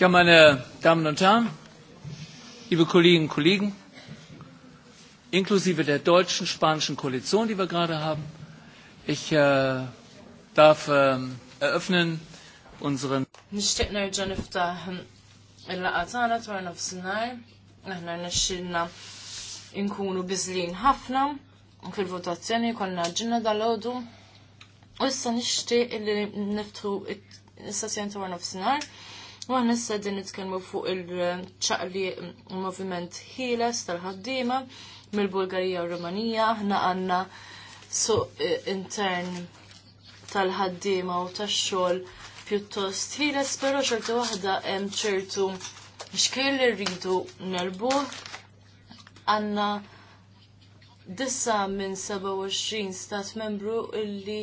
Ja, meine Damen und Herren, liebe Kolleginnen und Kollegen, inklusive der deutschen, spanischen Koalition, die wir gerade haben, ich äh, darf äh, eröffnen unseren. inkunu bizlin niftaħ un fil-votazzjoni konna ġinna dal-għodu. U issa nixtieq li niftħu is-sessjon dwar nofsinhar U nissa din nitkelmu fuq il-ċaqli moviment ħiles tal-ħaddima mill-Bulgarija u Rumanija, ħna għanna su eh, intern tal-ħaddima u tax-xogħol pjuttost ħiles, però xorta waħda hemm ċertu xkien li rridu nerbu għandna dissa minn 27 stat membru illi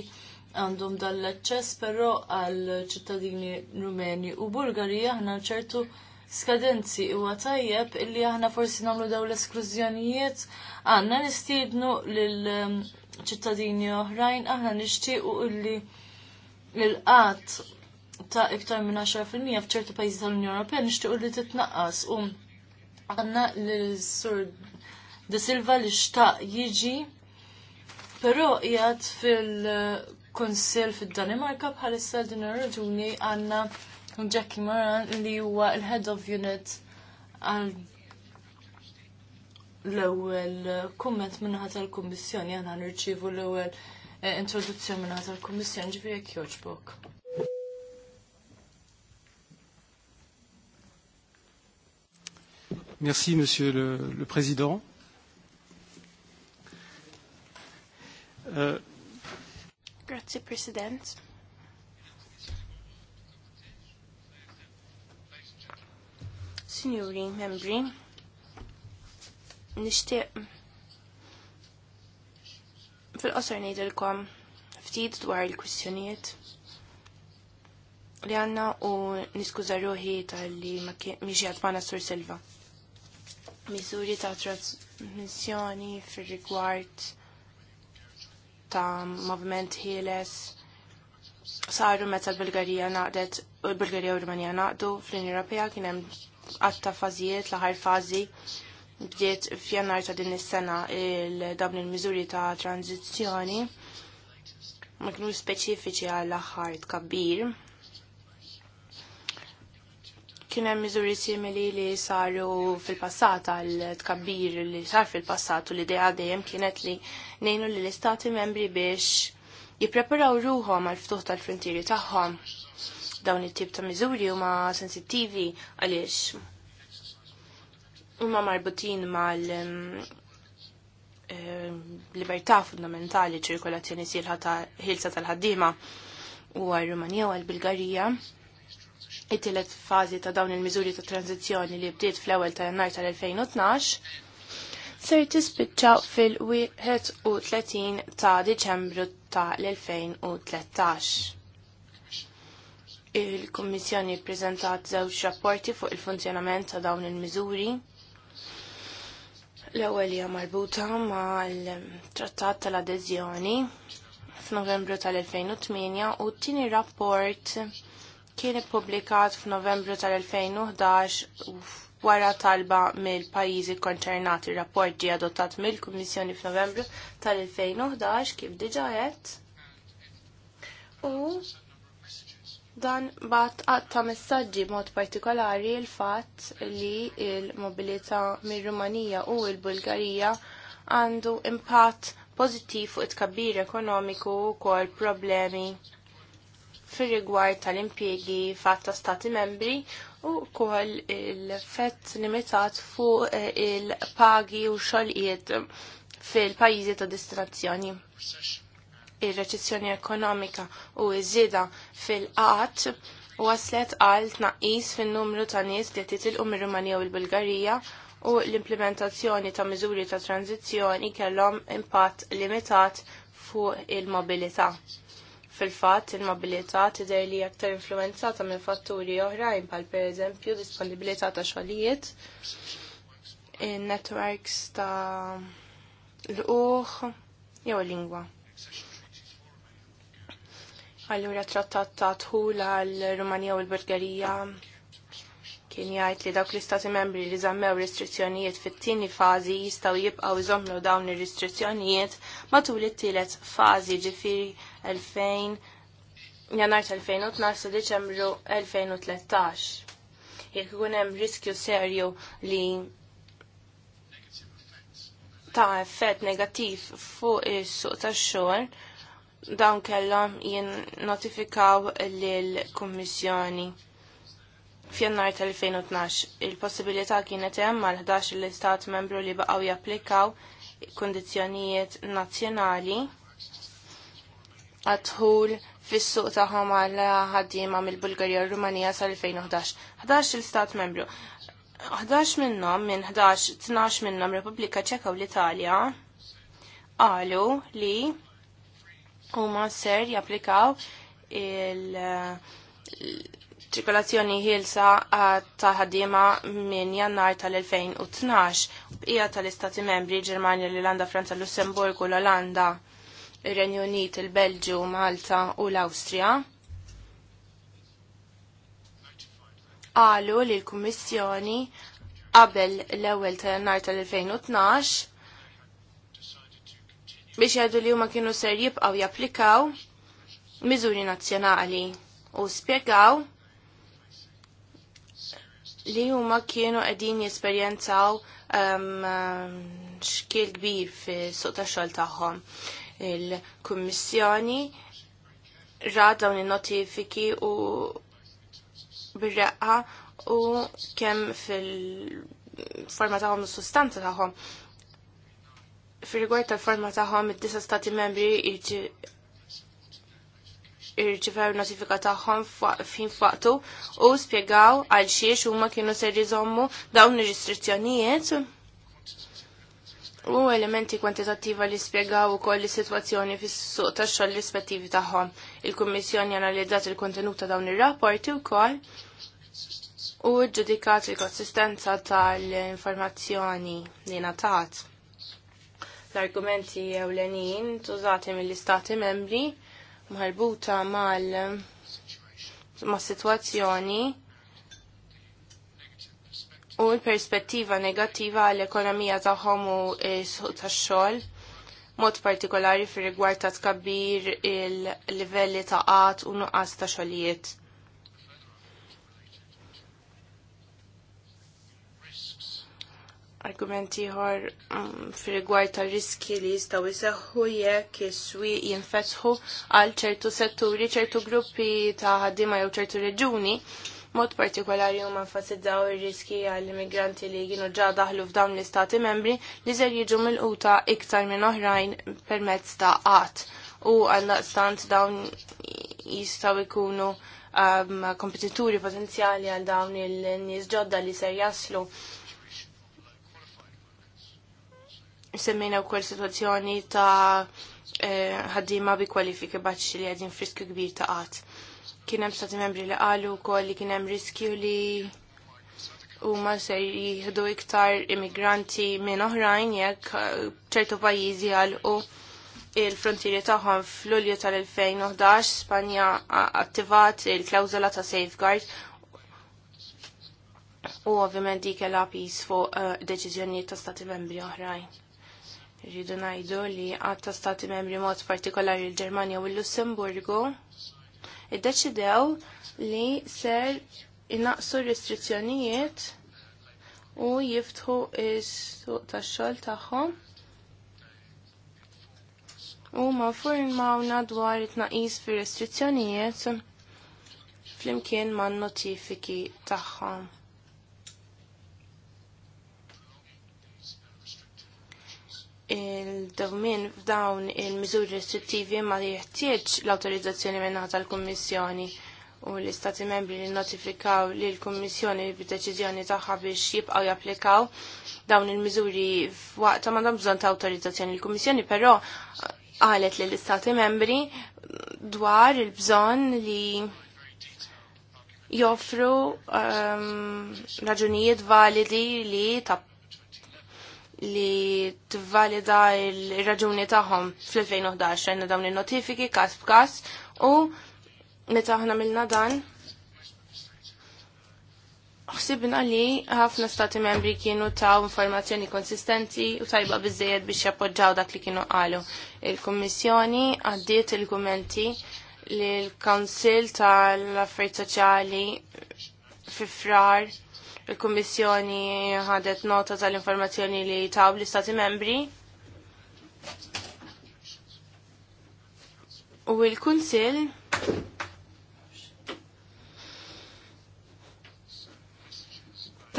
għandhom dan l aċċess però għal ċittadini rumeni u bulgari aħna ċertu skadenzi huwa tajjeb illi aħna forsi nagħmlu dawn l-esklużjonijiet għandna nistiednu l um, ċittadini oħrajn aħna nixtiequ illi l-qatt ta' iktar minn 10% f'ċertu pajzi tal-Unjoni Ewropea nixtiequ li titnaqqas u għandna l-sur De Silva li xtaq jiġi però qiegħed fil konsil fid-Danimarka bħalissa din ir-raġuni għandna Jackie Moran li huwa l-head of unit għal l-ewwel kumment ħat tal-Kummissjoni għandna nirċievu l-ewwel eh, introduzzjoni ħat tal-Kummissjoni ġifieri jekk jogħġbok. Merci, Monsieur le, le Président. Euh, Grazzi, President. Signori, membri, nishti fil-qosor nejdilkom ftit dwar il-kwistjonijiet li għanna u niskuza ruħi tal-li miġiħat maħna sur Silva. Misuri ta' trasmissjoni fil-rigward ta' moviment ħieles saru meta l-Bulgarija naqdet u l-Bulgarija u Rumanija naqdu fl-Unjoni Ewropea kien hemm għatta fażijiet l-aħħar fażi bdiet f'jannar ta' din is-sena il dawn il-miżuri ta' tranzizzjoni ma kienu speċifiċi għall aħħar tkabbir Kien hemm miżuri simili li saru fil-passat għal tkabbir li sar fil-passat u l-idea dejjem kienet li ngħinu li l-istati membri biex jippreparaw ruhom għal ftuħ tal-frontieri tagħhom. Dawn it-tip ta' miżuri huma sensittivi għaliex huma marbutin mal libertà fundamentali ċirkolazzjoni silħa ta' ħilsa tal-ħaddiema u għal-Rumanija u għal-Bulgarija it-tielet fażi ta' dawn il-miżuri ta' tranzizzjoni li bdiet fl-ewwel ta' jannar tal-2012 ser tispiċċa fil-31 ta' Diċembru ta' l-2013. Il-Kummissjoni ppreżentat żewġ rapporti fuq il-funzjonament ta' dawn il-miżuri. L-ewwel hija marbuta ma' l-Trattat tal-Adeżjoni f'Novembru tal-2008 u t-tieni rapport kien ippubblikat f'Novembru tal-2011 wara talba mill-pajjiżi konċernati. Rapport ġie adottat mill-Kummissjoni f'Novembru tal-2011 kif diġa qed. U dan bat għatta messaġġi mod partikolari il-fatt li il-mobilità mir-Rumanija u il-Bulgarija għandu impatt pozittiv fuq it-kabbir ekonomiku u kol problemi fir rigward tal-impjegi fatta stati membri u wkoll il-fett limitat fuq eh, il-pagi u xogħlijiet fil-pajjiżi ta' destinazzjoni. Ir-reċessjoni ekonomika u ż żieda fil-qatt għaslet għal tnaqqis fin-numru ta' nies li titilqu mir-Rumanija u l-Bulgarija u l-implementazzjoni ta' miżuri ta' tranzizzjoni kellhom impatt limitat fuq il-mobilità. Fil-fatt, il-mobilità tidher li aktar influenzata minn fatturi oħrajn per pereżempju disponibilità ta' xogħlijiet, in-networks ta' l-uħ jew lingwa. Allura trattat ta' tħula l-Rumanija u l-Bulgarija kien jgħid li dawk l-istati membri li żammew restrizzjonijiet fit-tieni fażi jistgħu jibqgħu jżommlu dawn ir-restrizzjonijiet matul it-tielet fażi ġifieri 2000 jannar 2012 Deċembru 2013. Jekk ikun hemm riskju serju li ta' effett negattiv fuq is-suq tax-xogħol, dawn kellhom jien notifikaw lill-Kummissjoni f'jannar tal-2012. Il-possibilità kienet hemm għal 11 l-istat membru li baqgħu japplikaw kundizzjonijiet nazzjonali għadħul fis-suq tagħhom għal ħaddiema mill-Bulgarija u Rumanija sal-2011. 11 il-Stat membru. 11 minnhom minn 11 12 minnhom Repubblika Ċeka u l-Italja qalu li huma ser japplikaw il ċirkolazzjoni ħilsa ta' ħaddiema minn jannar tal-2012 bqija tal-Istati Membri Ġermanja, l-Irlanda, Franza, Lussemburgu, l-Olanda ir-Renju Unit, il-Belġu, Malta u l-Awstrija qalu li l-Kummissjoni qabel l-ewwel ta' jannar tal-2012 biex jgħidu li huma kienu ser jibqgħu japplikaw miżuri nazzjonali u spjegaw li huma kienu qegħdin jesperjenzaw um, xkiel kbir fi suq ta' xogħol tagħhom il-Kummissjoni ra dawn il-notifiki u birreqqa u kemm fil-forma tagħhom u sustanza tagħhom. Fir-rigward tal-forma tagħhom id-disa stati membri irċivew notifika tagħhom fin faqtu u spjegaw għal xiex huma kienu ser jżommu dawn ir-restrizzjonijiet u elementi kwantitattiva li spiegaw u koll situazzjoni fis suq ta' xogħol rispettivi tagħhom. Il-Kummissjoni analizzat il-kontenut ta' dawn ir-rapporti wkoll u ġudikat il-konsistenza tal-informazzjoni li natat. L-argumenti ewlenin tużati mill-Istati membri marbuta mal ma' situazzjoni u l-perspettiva negattiva għall-ekonomija tagħhom u tax-xogħol mod partikolari fir rigward ta' tkabbir il-livelli ta' qat u nuqqas ta' xogħlijiet. Argumenti ħor mm, fir rigward ta' riski li jistgħu jseħħu jekk is-swieq jinfetħu għal ċertu setturi, ċertu gruppi ta' ħaddiema jew ċertu reġuni Mod partikolari huma enfasizzaw ir-riski għall-immigranti li kienu ġa daħlu f'dawn l-istati membri li ser jiġu mill-quta iktar minn oħrajn permezz ta' qatt u għalnaqstant dawn jistgħu jkunu um, kompetituri potenzjali għal dawn il-nies ġodda li ser jaslu. Semmejna wkoll sitwazzjoni situazzjoni ta' eh, ħaddiema eh, bi kwalifiki baċċi li għedin friski kbir ta' qatt. Kien hemm stati membri li qalu wkoll li kien hemm riskju li huma se jieħdu iktar immigranti minn oħrajn jekk uh, ċertu pajjiżi għalqu il-frontieri tagħhom fl-Ulju tal-2011 Spanja attivat il-klawżola ta' safeguard u ovvjament dik kellha pis fuq uh, deċiżjonijiet ta' stati membri oħrajn. Rridu ngħidu li għad ta' stati membri mod partikolari l-Ġermanja u l-Lussemburgu iddeċidew li ser inaqsu restrizzjonijiet u jiftħu is-suq tax-xogħol tagħhom. U ma formawna dwar it tnaqis fir restrizzjonijiet flimkien man notifiki tagħhom. il domin f'dawn il-miżuri restrittivi ma li jeħtieġ l-autorizzazzjoni minnata l kommissjoni u l-Istati membri li notifikaw li l-Kummissjoni b'deċiżjoni tagħha biex jibqgħu japplikaw dawn il-miżuri f'waqta ma bżonn ta' autorizzazzjoni l-Kummissjoni, però qalet li l-Istati membri dwar il-bżonn li joffru um, raġunijiet validi li ta' li tvalida il-raġuni tagħhom fl-2011 għandna dawn il-notifiki kas b'kas u meta milna dan ħsibna li ħafna stati membri kienu taw informazzjoni konsistenti u tajba biżejjed biex jappoġġaw dak li kienu qalu. Il-Kummissjoni għaddiet il gumenti li l-Kansil tal-Affarijiet Soċjali fi frar Il-Kummissjoni ħadet nota tal-informazzjoni li taw l-Istati membri. U il-Kunsil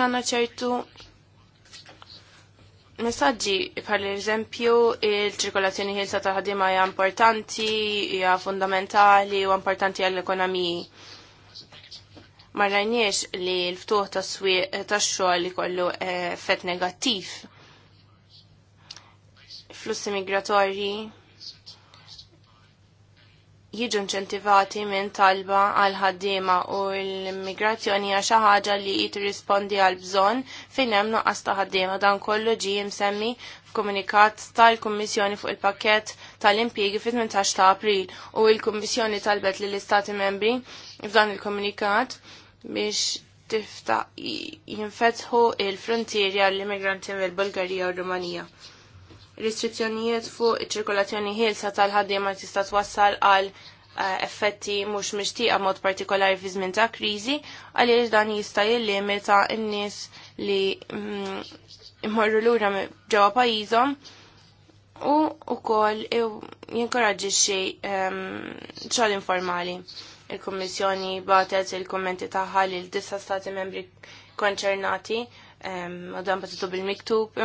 tanna ċertu messaġġi per eżempju il-ċirkolazzjoni ħilsa ta' ħadima hija importanti, hija fundamentali u importanti għall-ekonomiji ma rajniex li l-ftuħ ta' swieq ta' xogħol ikollu eh, effett negattiv. Flussi migratorji jiġu inċentivati minn talba għal ħaddiema u l-immigrazzjoni hija xi ħaġa li rispondi għal bżonn fejn hemm nuqqas ta' ħaddiema dan kollu ġie msemmi f'komunikat tal-Kummissjoni fuq il-pakkett tal-impjiegi fit-18 ta' April u l-Kummissjoni talbet lill-Istati Membri f'dan il-komunikat biex tifta jinfetħu il-frontieri għall-immigranti mill-Bulgarija u Rumanija. Restrizzjonijiet fuq iċ-ċirkolazzjoni ħilsa tal-ħaddiema tista' twassal għal eh, effetti mhux mixtieqa mod partikolari fi żmien ta' kriżi għaliex dan jista' jillimita n-nies li mm, imorru lura ġewwa pajjiżhom u wkoll jinkoraġġixxi ehm, xogħol informali. Il-Kommissjoni batet il-kommenti taħħa li l-disa stati membri konċernati għadan batitu bil-miktub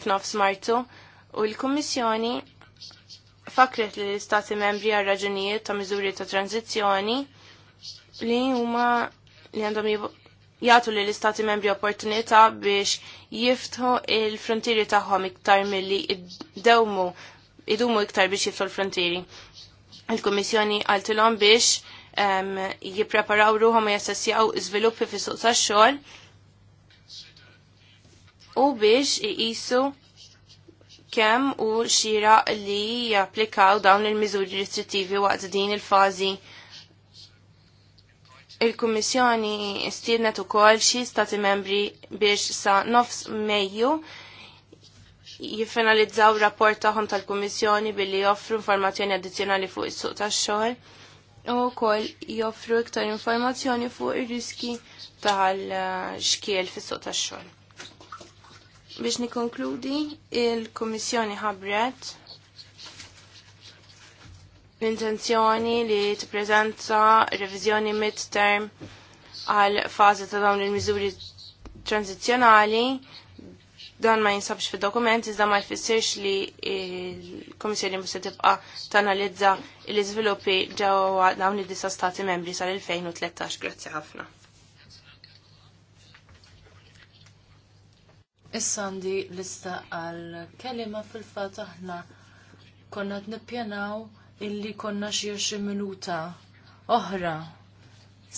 f'nofs martu u l-Kommissjoni fakret li l istati membri għal raġunijiet ta' miżuri ta' tranzizjoni li huma li għandhom jgħatu li l-Istati membri opportunità biex jiftħu il-frontieri tagħhom iktar milli id-dewmu idumu iktar biex jiftħu l-frontieri. Il-Kommissjoni għaltilhom biex jippreparaw ruhom u jassessjaw izviluppi fi suq tax-xogħol u biex jisu kemm u xira li japplikaw dawn il-miżuri restrittivi waqt din il-fażi il-Kummissjoni stidnet ukoll xi stati membri biex sa nofs Mejju jiffinalizzaw rapport tagħhom tal-Kummissjoni billi joffru informazzjoni addizzjonali fuq is-suq tax-xogħol u wkoll joffru iktar informazzjoni fuq ir-riski tal-xkiel fis sota tax-xogħol. Biex nikonkludi, il-Kummissjoni ħabret l-intenzjoni li tippreżenta reviżjoni mid-term għal fażi ta' dawn il-miżuri tranzizzjonali Dan ma jinsabx fid dokument iżda ma jfissirx li il-Komissjoni musa tibqa tanalizza l-iżviluppi ġewwa dawn id-disa stati membri sal-2013. Grazzi ħafna. Issa għandi lista għal kelima fil-fat aħna konna t-nippjanaw illi konna xie minuta oħra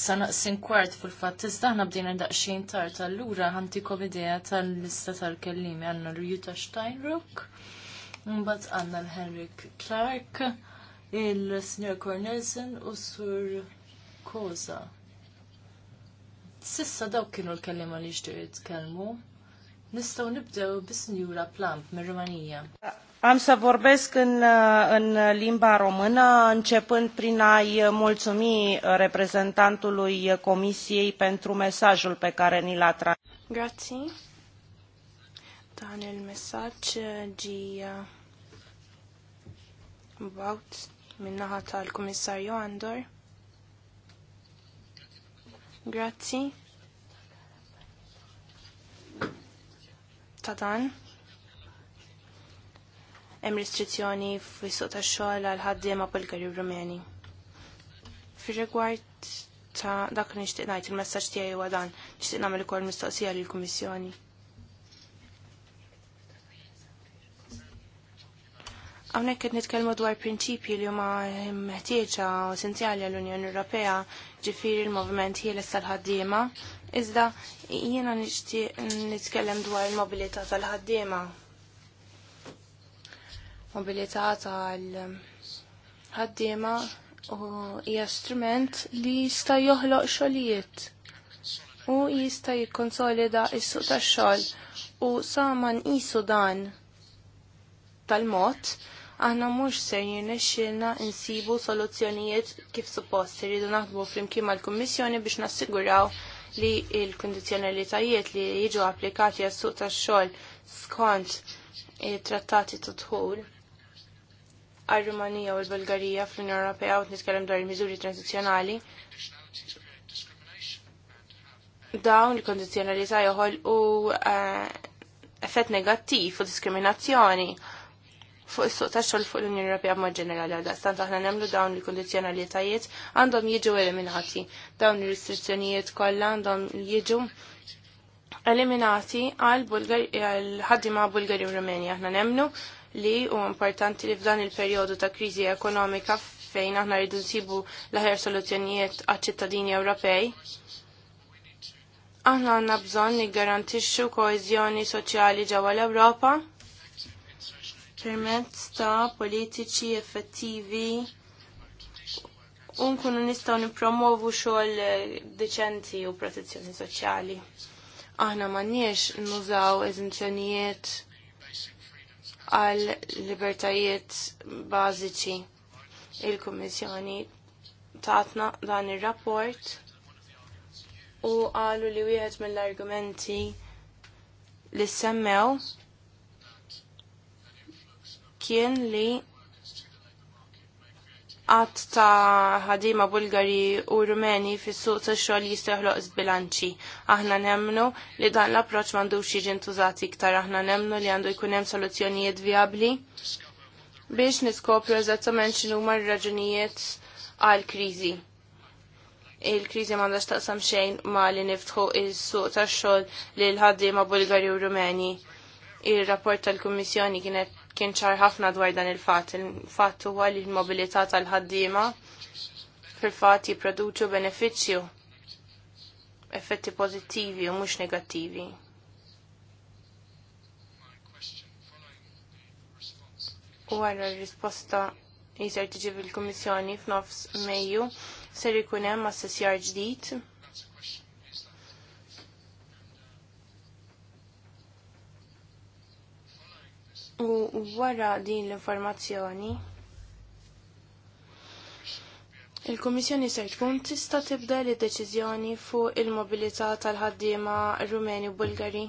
sa naqsin kwart fil-fatt iżda aħna bdejna daqsxejn tard allura ħantikom idea tal-lista tal-kellimi għandna l-Juta Steinrock, mbagħad għandna l-Henrik Clark, il-Sinjor Cornelsen u Sur Koza. Sissa dawk kienu l-kellima li xtiq jitkellmu. Nistgħu nibdew bis-Sinjura Plant mir-Rumanija. Ah, Am să vorbesc în, în limba română, începând prin a-i mulțumi reprezentantului Comisiei pentru mesajul pe care ni l-a tras. Grazie. Daniel, mesaj, messaġġ ġi minnahat al comisariu Andor. Grazie. Tadan hemm restrizzjoni fis-suq tax-xogħol għal ħaddiema Bulgari u Rumeni. Fir-rigward ta' dak li nixtieq ngħid il-messaġġ tiegħi huwa dan, nixtieq nagħmel ukoll mistoqsija lill-Kummissjoni. Hawnhekk qed nitkellmu dwar prinċipji li huma meħtieġa essenzjali għall-Unjoni Ewropea ġifieri l-moviment ħieles tal-ħaddiema, iżda jiena nixtieq nitkellem dwar il-mobilità tal-ħaddiema mobilità tal-ħaddiema u hija strument li jista' joħloq xogħlijiet u jista' jikkonsolida s-suq tax-xogħol u sa ma nqisu dan tal-mod aħna mhux se jirnexxielna insibu soluzzjonijiet kif suppost irridu naħdmu flimkien mal-Kummissjoni biex nassiguraw li l-kundizzjonalitajiet li jiġu applikati għas-suq tax-xogħol skont it-trattati ta' dħul għal-Rumanija u l-Bulgarija fl-Unjoni Ewropea u nitkellem dwar il-miżuri transizjonali. Dawn il-kondizjonalità joħol u eh, effett negattiv u diskriminazzjoni fuq is-suq tax-xogħol fuq l-Unjoni Ewropea b'mod ġenerali għal Stant aħna nemlu dawn il-kundizzjonalitajiet għandhom jiġu eliminati. Dawn ir-restrizzjonijiet kollha għandhom jiġu eliminati għal ħaddima Bulgari u Rumenja. Aħna nemmnu li u importanti li f'dan il periodu ta' kriżi ekonomika fejn aħna rridu nsibu l-ħer soluzzjonijiet għaċ-ċittadini Ewropej. Aħna għandna bżonn niggarantixxu koeżjoni soċjali ġewwa l-Ewropa permezz ta' politiċi effettivi u nkunu nistgħu nippromovu xogħol deċenti u protezzjoni soċjali aħna m'għandniex nużaw eżenzjonijiet għal libertajiet bażiċi. Il-Kummissjoni tatna dan ir-rapport u qalu li wieħed mill-argumenti li semmew kien li għat ta' ħadima Bulgari u Rumeni fis suq ta' xogħol jistħloq zbilanċi. Aħna nemnu li dan l-approċ m'għandux jiġi ntużat iktar, aħna nemnu li għandu jkun hemm soluzzjonijiet viabli biex niskopru eżattament xinu mar r-raġunijiet għal kriżi. Il-kriżi mandax taqsam xejn ma li niftħu is-suq tax-xogħol l-ħadima Bulgari u Rumeni Il-rapport tal-Kummissjoni kienet kien ċar ħafna dwar dan il-fat. Il-fat huwa li l-mobilità tal-ħaddiema fil-fat jipproduċu beneficju effetti pozittivi u mhux negattivi. U għara risposta jisir tiġi fil-Kummissjoni f'nofs Mejju ser ma hemm għas-sessjar ġdid U wara din l-informazzjoni, il-Kummissjoni se tkun tista' tibda li deċiżjoni fuq il-mobilità tal-ħaddiema Rumeni u Bulgari.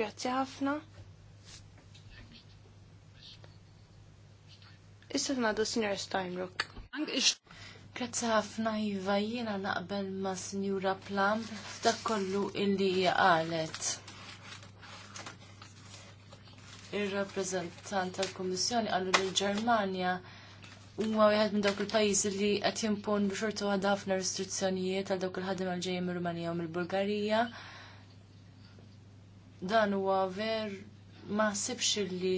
Grazzi ħafna. Issa ngħidu Sinjor Steinrock. Grazzi ħafna Iva jiena naqbel ma' Sinjura Plamb f'dak kollu illi qalet ir-rappreżentant tal-Kummissjoni qalu li l-Ġermanja huwa wieħed minn dawk il-pajjiżi li qed jimpon b'xorta waħda ħafna restrizzjonijiet għal dawk il-ħadem għal ġejjin mir-Rumanija u mill-Bulgarija. Dan huwa ver ma sibx li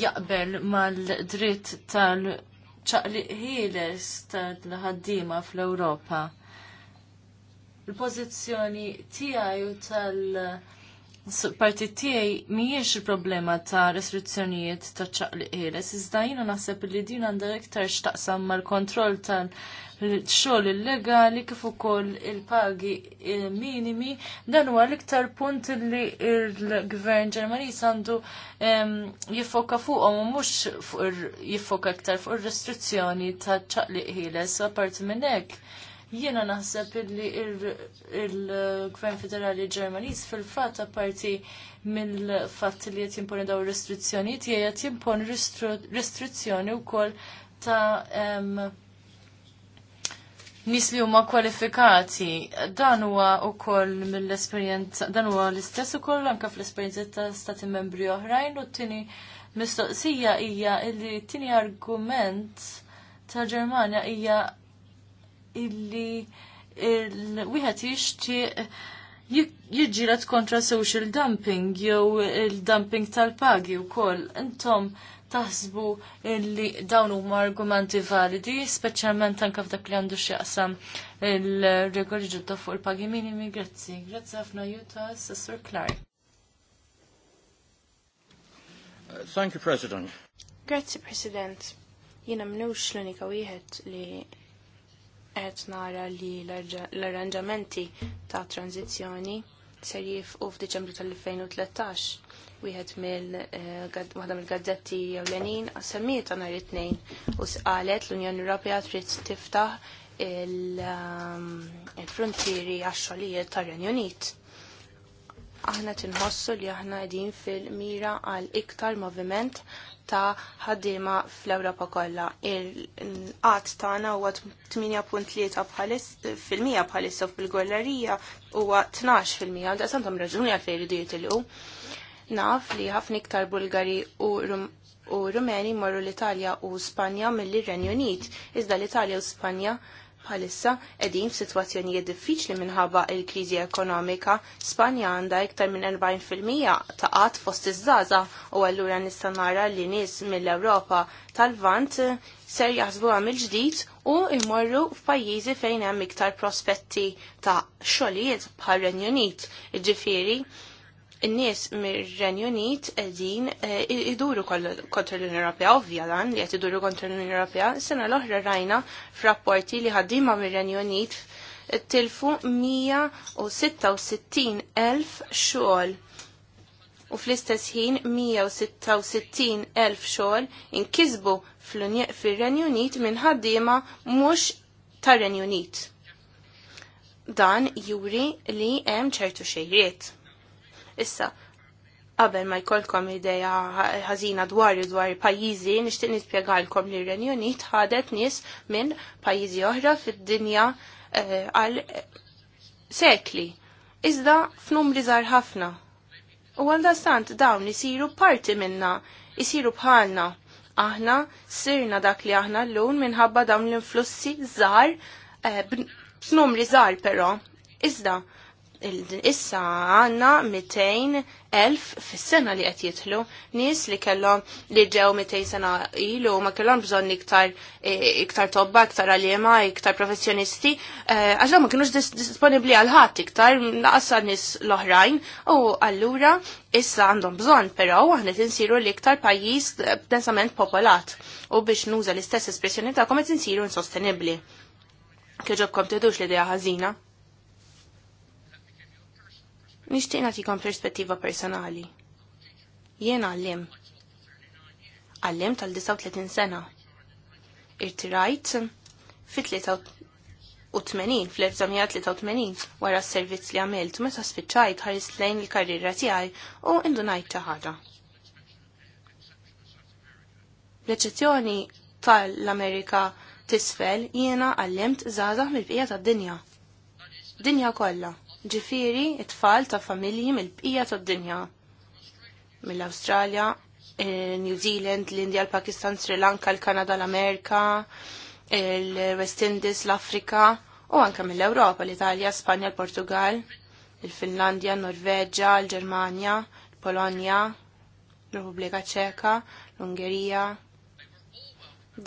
jaqbel mal-dritt tal ċaqli ħieles tal-ħaddiema fl-Ewropa. Il-pożizzjoni tiegħi u tal-, -tal partit tiegħi mhijiex il-problema ta' restrizzjonijiet ta' ċaqli ħieles, iżda jiena naħseb li din għandha iktar x'taqsam mal-kontroll tal-xogħol illegali kif ukoll il-pagi eh, minimi, dan huwa l-iktar punt li l-Gvern Ġermaniż għandu jiffoka fuqhom u mhux jiffoka iktar fuq ir-restrizzjoni ta' ċaqli ħieles, apparti minn hekk Jiena naħseb illi il-Gvern Federali Ġermaniż fil-fatt apparti mill-fatt li qed jimponi daw restrizzjonijiet hija qed jimponi restrizzjoni wkoll ta' nis li huma kwalifikati, dan huwa wkoll mill-esperjenza, dan huwa l-istess ukoll anke fl-esperjenza ta' stati membri oħrajn u t-tieni mistoqsija hija li t-tieni argument ta' Ġermanja hija illi il-wieħed jishti jiġġieled kontra social dumping jew il-dumping tal-pagi wkoll. Intom taħsbu li dawn huma argumenti validi, speċjalment anke f'dak li għandu xieqsam il-regoli ġodda fuq il-pagi minimi. Grazzi. Grazzi ħafna Juta, Sessur Clark. Thank you, President. Grazzi, President. Jiena mnux l-unika wieħed li qed nara li l-arranġamenti ta' tranzizzjoni ser jifqu f'Diċembru tal-2013 wieħed mill eh, waħda mill-gazzetti ewlenin semmiet nhar it-tnejn u sqalet l-Unjoni Ewropea trid tiftaħ ehm, il-frontieri għax-xogħlijiet tar-Renju Unit. Aħna tinħossu li aħna qegħdin fil-mira għal iktar moviment ta' ħaddiema fl-Ewropa kollha. Il-qatt tagħna huwa 8.3 fil-mija bħalissa fil-gollerija huwa 12 fil-mija, da' santom raġuni għalfejn iridu jitilqu. Naf li ħafna iktar Bulgari u Rumeni marru l-Italja u Spanja mill-Renju Unit, iżda l-Italja u Spanja bħalissa edin f'sitwazzjonijiet diffiċli minħabba il-kriżi ekonomika, Spanja għandha iktar minn 40% ta' qatt fost iż żaża u allura nista' nara li nies mill-Ewropa tal-Vant ser jaħsbu għamil ġdid u imorru f'pajjiżi fejn hemm iktar prospetti ta' xogħlijiet bħal Renju Unit. Ġifieri, n-nies mir-Renju Unit din eh, iduru kontra l-Unjoni Ewropea, ovvja dan li qed iduru kontra l-Unjoni Ewropea. Sena l-oħra rajna f'rapporti li ħaddiema mir-Renju Unit tilfu 166.000 elf xogħol u fl-istess ħin 166 elf xogħol inkisbu fir-Renju Unit minn ħaddiema mhux tar-Renju Unit. Dan juri li hemm ċertu xejriet. Issa, qabel ma jkollkom ideja ħażina dwar dwar pajjiżi, nixtieq nispjegalkom li r-Renju Unit ħadet nies minn pajjiżi oħra fid-dinja eh, għal eh, sekli. Iżda f'numri żgħar ħafna. U għal stant dawn isiru parti minna, isiru bħalna. Aħna sirna dak li aħna l minħabba dawn l-influssi żgħar eh, f'numri żgħar però. Iżda, issa għanna 200.000 fis-sena li qed jitlu nies li kellhom li ġew 200 sena ilu ma kellhom bżonn iktar eh, iktar tobba, iktar għaliema, iktar professjonisti, eh, għax ma kienux disponibbli għal ħadd iktar naqsa nies l-oħrajn u allura issa għandhom bżonn però aħna insiru li iktar pajjiż eh, densament popolat u biex nuża l-istess espressjoni tagħkom qed insiru insostenibbli. Kieġobkom tidux li idea ħażina Nishtiq nagħtikom perspettiva personali. Jiena għallim. Għallim tal-39 sena. Irtirajt fit-83 fl-1983 wara s-servizz li għamilt meta spiċċajt ħares lejn il-karriera tiegħi u indunajt ta' ħaġa. L-eċezzjoni tal-Amerika tisfel jiena għallimt żgħażagħ mill-bqija tad-dinja. Dinja kollha ġifiri it-tfal ta' familji mill-bqija tad-dinja. Mill-Awstralja, eh, New Zealand, l-Indja, l-Pakistan, Sri Lanka, l-Kanada, l-Amerika, l west Indies, l-Afrika u anka mill-Ewropa, l-Italja, Spanja, l-Portugal, il-Finlandja, Norveġġa, l-Ġermanja, l-Polonja, l-Repubblika Ċeka, l-Ungerija.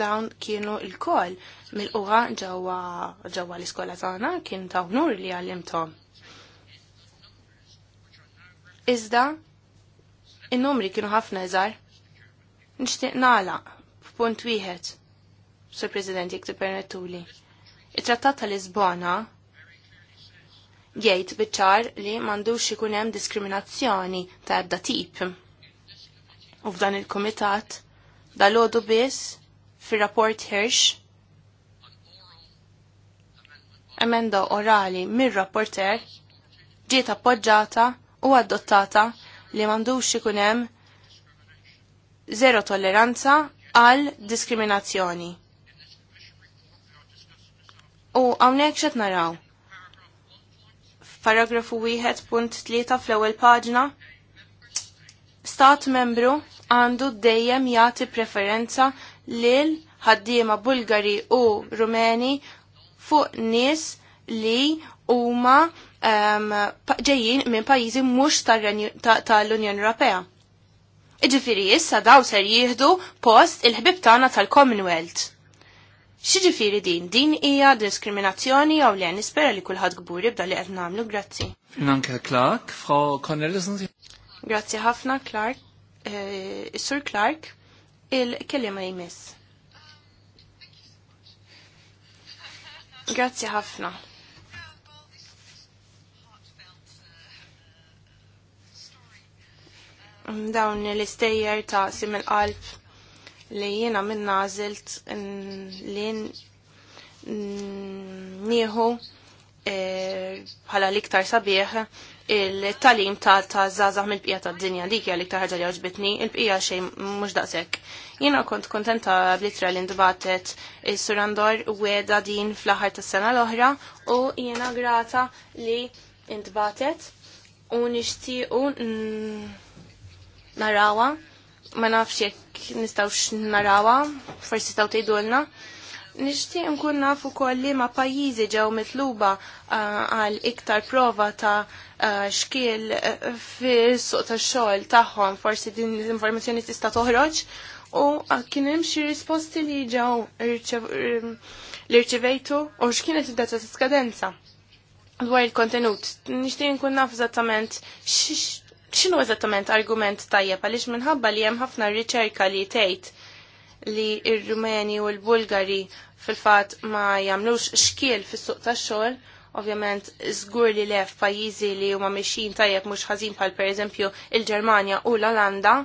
Dawn kienu il-koll mill uħa ġewwa l-iskola tagħna kien ta' li għallimtom. Iżda, in-numri kienu ħafna iżar. Nixtieq nagħlaq punt wieħed, Sur President, jekk permettuli. It-Trattat ta' Lisbona jgħid biċċar li m'għandux ikun hemm diskriminazzjoni ta' ebda tip. U f'dan il-Kumitat dal biss fir-rapport Hirsch emenda orali mir-rapporter ġiet appoġġata u adottata li mandux ikun hemm zero tolleranza għal diskriminazzjoni. U hawnhekk xed naraw. Paragrafu 1.3 fl-ewwel paġna Stat membru għandu dejjem jagħti preferenza lil ħaddiema Bulgari u Rumeni fuq nies li huma ġejjin minn pajjiżi mhux tal-Unjoni Ewropea. Iġifieri issa daw ser jieħdu post il-ħbib tagħna tal-Commonwealth. Xiġifieri din? Din hija diskriminazzjoni jew le nispera li kulħadd gbur jibda li qed nagħmlu grazzi. Finanke Clark, Frau Cornelissen. Grazzi ħafna Clark, eh, Sur Clark, il-kelima jmiss. Grazzi ħafna. dawn l-istejjer ta' sim il-qalb li jiena minn nażilt li njiħu e, bħala liktar sabieħ il-talim ta' ta' zazah mill-bqija ta' dinja dik hija liktar ħaġa li għoġbitni, il-bqija xejn mhux daqshekk. Jiena kont kontenta b'litra li ndbagħtet il surandor għeda din fl-aħħar tas-sena l-oħra u jiena grata li ndbatet u nixtiequ narawa, ma nafx jekk nistawx narawa, forsi staw tgħidulna. Nixtieq nkun naf ukoll li ma pajjiżi ġew mitluba uh, għal iktar prova ta' uh, xkiel uh, fis-suq tax-xogħol tagħhom, forsi din l-informazzjoni tista' toħroġ u kien hemm xi risposti li ġew l irċivejtu um, u x'kienet id-data ta' skadenza dwar il-kontenut. Nixtieq nkun naf eżattament xinu eżattament argument tajjeb għaliex minħabba li hemm ħafna riċerka li tgħid li ir-Rumeni u l-Bulgari fil-fatt ma jagħmlux xkiel fis-suq tax-xogħol, ovvjament żgur li lef pajjiżi li huma mixin tajjeb mhux ħażin bħal pereżempju il-Ġermanja u l-Olanda,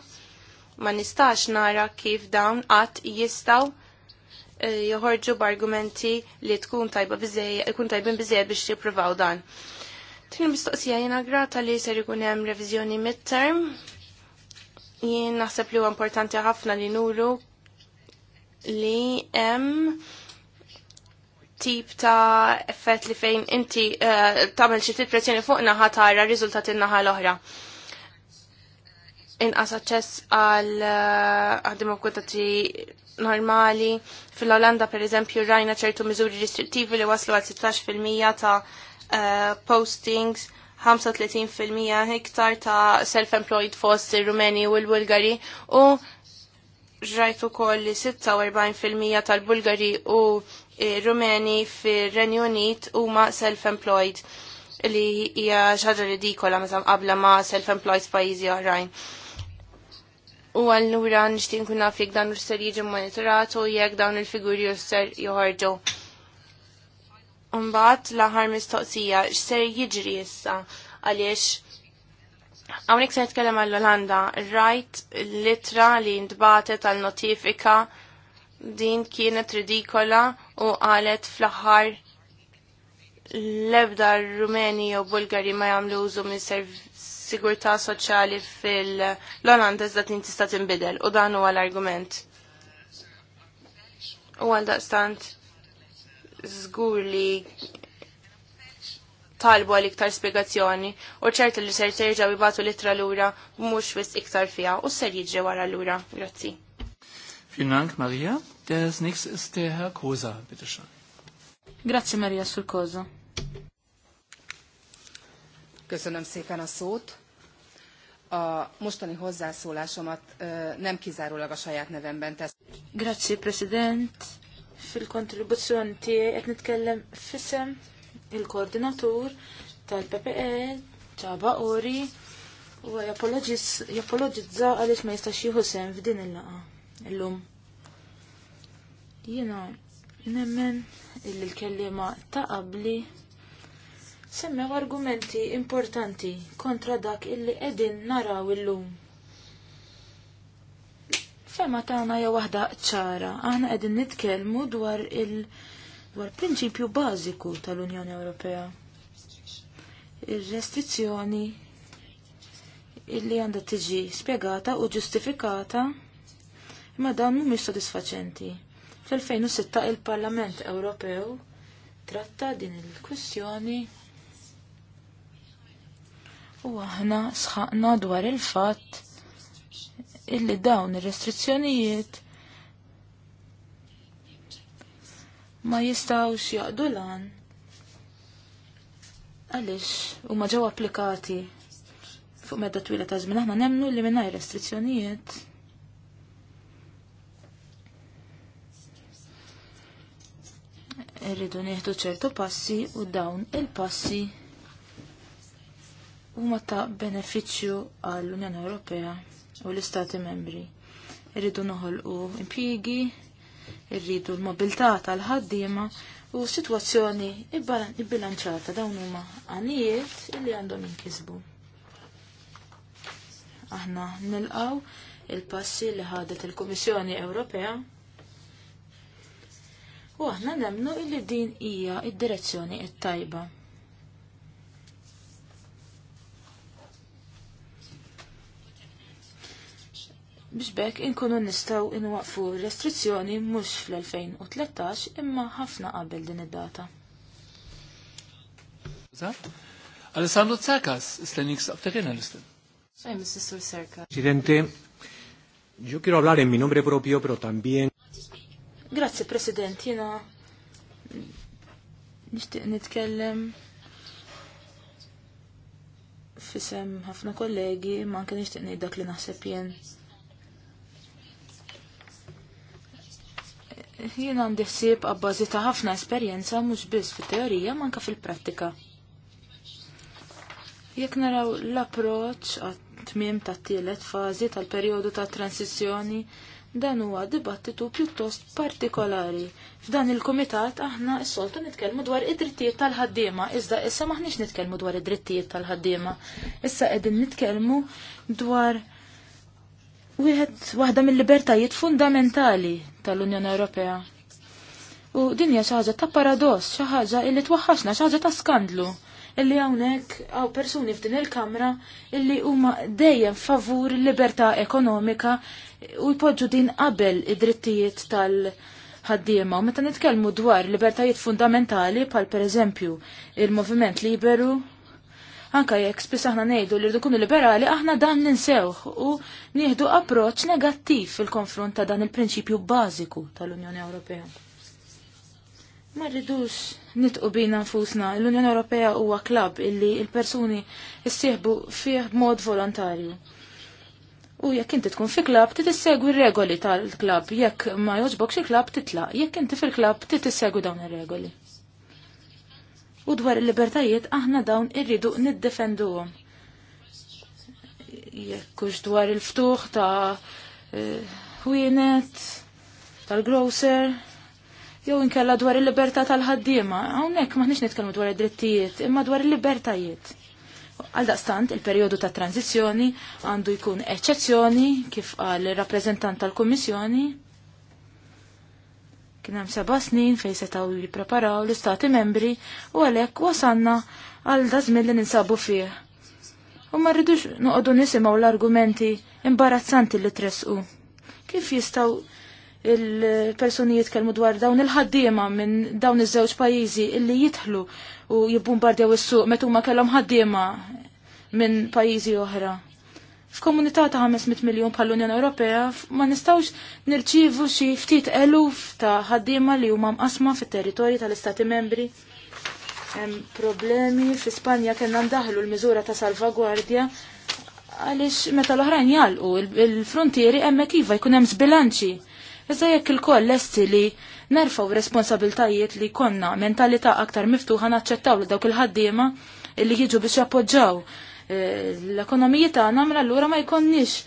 ma nistax nara kif dawn qatt jistgħu e, joħorġu b'argumenti li tkun tajba bizzej, tajbin biżej biex jippruvaw dan. Tini mistoqsija jena grata li ser ikun hemm reviżjoni mid-term. Jien naħseb li huwa importanti ħafna li nuru li hemm tip ta' effett li fejn inti uh, tagħmel xi pressjoni fuq naħa tara riżultati naħa l-oħra. Inqas aċċess għal eh, ħaddim uh, normali. Fil-Olanda, per eżempju, rajna ċertu miżuri restrittivi li waslu għal 16% ta' Uh, postings 35% iktar ta' self-employed fost il-Rumeni u l-Bulgari u ġrajtu koll li 46% tal-Bulgari u Rumeni fil-Renju Unit u ma' self-employed li hija xaġa ridikola meta qabla ma' self-employed pajjiżi oħrajn. U għallura nishtin kun naf dan u ser jiġi monitorat u jek dawn il-figuri u ser joħarġu. Umbat laħar mistoqsija, x'ser jiġri issa għaliex hawnhekk se nitkellem għall-Olanda, rajt litra li ntbatet tal notifika din kienet ridikola u qalet fl-aħħar l Rumeni u Bulgari ma jagħmlu użu minn sigurtà soċjali fil-Olanda iżda din tista' tinbidel u dan huwa l-argument. U għal daqstant żgur li talbu għal iktar spiegazzjoni u ċerta li ser terġa jibatu litra lura mhux biss iktar fiha u ser jiġri wara lura. Grazzi. Vielen Dank, Maria. Das nächste ist der Herr Kosa, bitte schön. Grazie, Maria, sul Kosa. Köszönöm szépen a szót. A mostani hozzászólásomat nem kizárólag a saját nevemben tesz. Grazie, President fil-kontribuzzjoni tiegħi qed nitkellem f'isem il-koordinatur tal-PPE ċaba Ori u japologizza għaliex ma jistax jieħu sem f'din il-laqa illum. Jiena nemmen il kelliema kellima ta' qabli semmew argumenti importanti kontra dak illi qegħdin naraw illum. Fema tagħna hija waħda ċara, aħna qegħdin nitkellmu dwar il dwar prinċipju bażiku tal-Unjoni Ewropea. Ir-restrizzjoni illi għandha tiġi spjegata u ġustifikata imma dan mhumiex sodisfaċenti. Fl-2006 il-Parlament Ewropew tratta din il-kwistjoni u aħna sħaqna dwar il-fatt illi dawn ir-restrizzjonijiet ma jistawx jaqdu lan għalix u ma ġew applikati fuq medda twila ta' żmien aħna nemnu li mingħajr restrizzjonijiet irridu nieħdu ċertu passi u dawn il-passi huma ta' benefiċċju għall-Unjoni Ewropea u l-Istati membri. Irridu noħolqu impjiegi, irridu l-mobilità tal-ħaddiema u situazzjoni ibbilanċata dawn huma għanijiet illi għandhom inkisbu. Aħna nilqaw il-passi li ħadet il-Kummissjoni Ewropea u aħna nemnu illi din hija id-direzzjoni it-tajba. il tajba biex bekk inkunu nistaw inwaqfu restrizzjoni mhux fl-2013 imma ħafna qabel din id-data. Alessandro Tsakas, istenik saqftekin għal-istin. Ej, Mr. Serka. Presidente, Yo kiro hablar en mi nombre propio, pero tambien... Grazie, President. Jena nishtiq nitkellem fisem ħafna kollegi, ma anke nishtiq ngħid dak li naħseb jien. jien għandi ħsieb għabbażi ta' ħafna esperjenza mhux biss fit-teorija manka fil-prattika. Jekk naraw l-approċċ għat-tmiem tat-tielet fażi tal-perjodu ta' transizjoni, dan huwa dibattitu pjuttost partikolari. F'dan il-kumitat aħna s-soltu nitkellmu dwar id-drittijiet tal-ħaddiema, iżda issa maħniex nitkellmu dwar id-drittijiet tal-ħaddiema. Issa qegħdin nitkellmu dwar wieħed waħda mill-libertajiet fundamentali tal-Unjoni Ewropea. U din hija xi ħaġa ta' paradoss, xi ħaġa illi twaħħaxna, xi ħaġa ta' skandlu illi hawnhekk għaw persuni f'din il-kamra illi huma dejjem favur libertà ekonomika u jpoġġu din qabel id-drittijiet tal-ħaddiema. U meta nitkellmu dwar libertajiet fundamentali bħal pereżempju il-moviment liberu, Anka jekk spiss aħna ngħidu li rridu liberali, aħna dan ninsewh u nieħdu approċċ negattiv fil-konfront ta' dan il-prinċipju bażiku tal-Unjoni Ewropea. Ma rridux nitqu bina nfusna, l-Unjoni Ewropea huwa klabb illi l-persuni jissieħbu fih b'mod volontarju. U jekk inti tkun fi klab, ti tissegwi r-regoli tal-klabb, jekk ma jogħġbokx il-klabb titlaq, jekk inti fil-klabb ti tissegwi dawn ir-regoli. U dwar il-libertajiet aħna dawn irridu niddefenduhom. Jekkux dwar il-ftuħ ta' ħwienet, eh, tal-grocer, jew inkella dwar il-libertà tal-ħaddiema. Hawnhekk maħniex nitkellmu dwar id-drittijiet, imma dwar il-libertajiet. Għaldaqstant, il-periodu ta' tranzizjoni għandu jkun eċċezzjoni kif qal ir rappreżentant tal-Kummissjoni Kien hemm seba' snin fejn setgħu jippreparaw l-istati membri u għalhekk wasanna għal dażmin li ninsabu fih. U ma rridux noqogħdu nisimgħu l-argumenti imbarazzanti li tresqu. Kif jistgħu il-personijiet kelmu dwar dawn il-ħaddiema minn dawn iż-żewġ pajjiżi illi jidħlu u jibbumbardew is-suq meta huma kellhom ħaddiema minn pajjiżi oħra. F'komunità ta' 500 miljon bħall-Unjoni Ewropea ma nistgħux nirċievu xi ftit eluf ta' ħaddiema li huma mqasma fit-territorji tal-Istati Membri. Hemm problemi fi Spanja kellna ndaħlu l-miżura ta' salvagwardja għaliex meta l-oħrajn jalqu il-frontieri hemmhekk iva jkun hemm sbilanċi. Iżda jekk il-koll lesti li nerfaw responsabiltajiet li konna mentalità aktar miftuħa naċċettaw li dawk il-ħaddiema illi jiġu biex jappoġġaw l-ekonomija tagħna mela allura ma jkollniex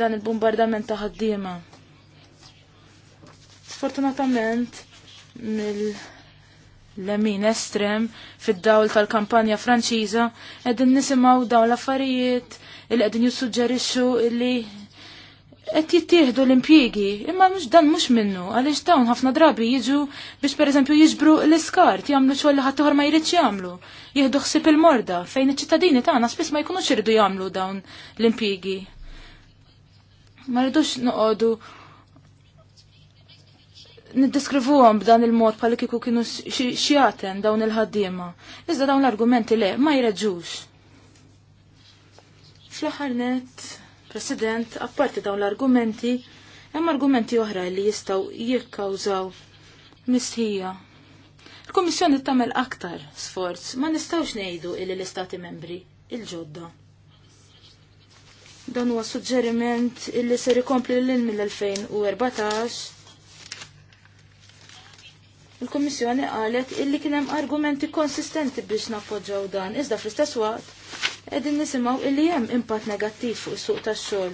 dan il-bombardament ta' ħaddiema. Sfortunatament mill lemin estrem fid-dawl tal-kampanja Franċiża qegħdin nisimgħu dawn l-affarijiet il qegħdin jissuġġerixxu li qed jittieħdu l-impjiegi, imma mhux dan mhux minnu, għaliex dawn ħafna drabi jiġu biex pereżempju jiġbru l-iskart, jagħmlu xogħol li ħadd ma jridx jagħmlu, jieħdu ħsieb il-morda fejn iċ-ċittadini tagħna spiss ma jkunux iridu jagħmlu dawn l-impjiegi. Ma rridux noqogħdu Niddeskrivuhom b'dan il-mod bħal kieku kienu xjaten dawn il-ħaddiema. Iżda dawn l-argumenti le ma jreġux. Fl-aħħar net President, apparti dawn l-argumenti, hemm argumenti oħra li jistgħu jikkawżaw mistħija. Il-Kummissjoni tagħmel aktar sforz ma nistgħux ngħidu illi l-Istati Membri il-ġodda. Dan huwa suġġeriment illi se ikompli lil mill-2014 Il-Kommissjoni qalet illi kien hemm argumenti konsistenti biex nappoġġaw dan, iżda fl-istess waqt edin nisimaw illi jem impatt negattiv fuq suq ta' xol.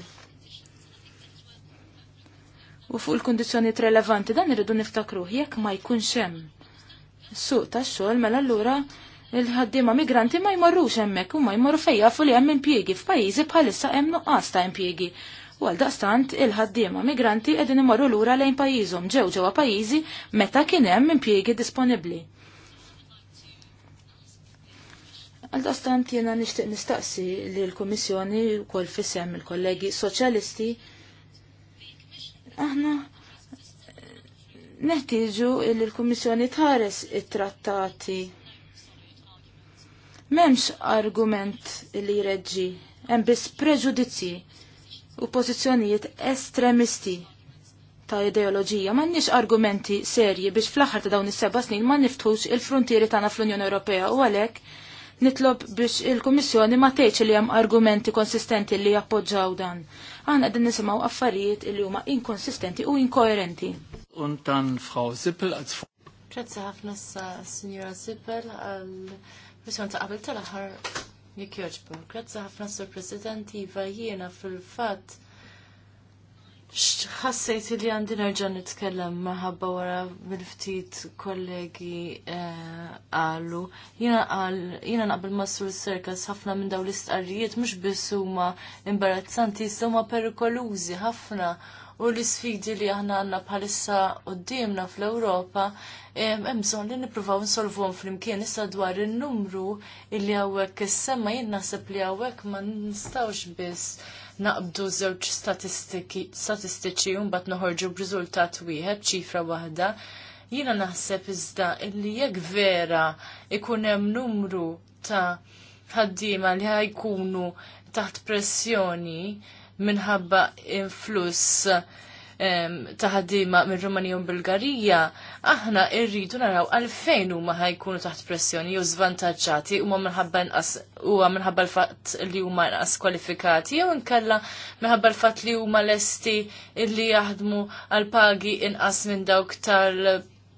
U fuq il-kondizjoniet relevanti dan irridu niftakru jekk ma jkunx hemm suq ta' xol mela allura il-ħaddiema migranti ma jmorrux hemmhekk u ma jmorru fejja fuq li hemm impjiegi f'pajjiżi bħalissa hemm nuqqas ta' impjiegi. U għal daqstant il-ħaddiema migranti qegħdin imorru lura lejn pajjiżhom ġew ġewwa pajjiżi meta kien hemm impjiegi disponibbli. Għal-dastant jena nishtiq nistaqsi li l-Komissjoni u kol fissem il-kollegi soċjalisti. Aħna neħtiġu li l-Komissjoni tħares it-trattati. Memx argument li jreġġi, hemm biss preġudizzi u pożizzjonijiet estremisti ta' ideoloġija, m'għandniex argumenti serji biex fl-aħħar ta' dawn is-seba' snin ma niftux il-frontieri tagħna fl-Unjoni Ewropea u għalhekk nitlob biex il-Kummissjoni ma tgħidx li hemm argumenti konsistenti li jappoġġaw dan. Aħna qegħdin nisimgħu affarijiet li huma inkonsistenti u inkoerenti. Und Frau Sippel als Grazzi ħafna sa Signora Sippel għal missjon ta' qabel tal-aħħar Jekk grazzi ħafna sur President Iva jiena fil-fatt ħassejt li għandi nerġa' nitkellem maħabba wara mill-ftit kollegi qalu. Eh, jiena qal jiena naqbel Massur Serkas ħafna minn daw l-istqarrijiet mhux biss huma imbarazzanti issa huma perikolużi ħafna u l-isfidi li aħna għandna bħalissa qudiemna fl-Ewropa eh, hemm bżonn li nippruvaw nsolvuhom flimkien issa dwar in-numru illi hawnhekk issemma jien naħseb li hawnhekk ma nistgħux biss naqbdu żewġ statistiċi u mbagħad noħorġu b'riżultat wieħed ċifra waħda. Jiena naħseb iżda li jekk vera ikun hemm numru ta' ħaddiema li ħajkunu taħt pressjoni minħabba influss ta' ħaddiema minn Rumanija u Bulgarija, aħna rridu naraw għalfejn huma ħajkunu taħt pressjoni jew żvantaġġati huma minħabba inqas huwa minħabba l-fatt li huma inqas kwalifikati jew inkella minħabba l-fatt li huma lesti li jaħdmu għal pagi inqas minn dawk tal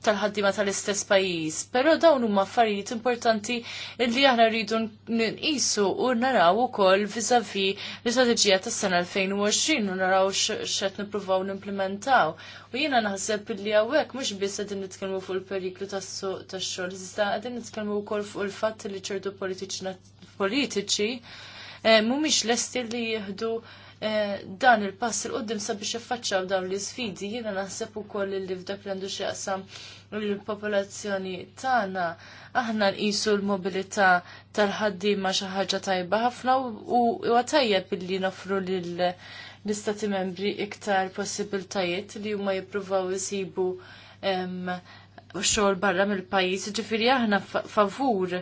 tal-ħaddima tal-istess pajjiż. Però dawn huma affarijiet importanti li aħna rridu nqisu u naraw ukoll viżavi l-istrateġija tas-sena 2020 u naraw x'qed nippruvaw nimplementaw. U jiena naħseb li hawnhekk mhux biss qegħdin nitkellmu fuq il-periklu tas-suq tax-xogħol, iżda qegħdin nitkellmu wkoll fuq il-fatt li ċertu politiċi eh, mhumiex lesti li jieħdu eh, dan il-pass il qoddim sabiex jaffaċċaw dawn l-isfidi, jiena naħseb ukoll li f'dak li għandu x'jaqsam l-popolazzjoni tagħna aħna nqisu l-mobilità tal-ħaddiema xi ħaġa tajba ħafna u huwa tajjeb billi nofru lill l-istati membri iktar possibiltajiet li huma jippruvaw isibu xogħol barra mill-pajjiż, ġifieri aħna favur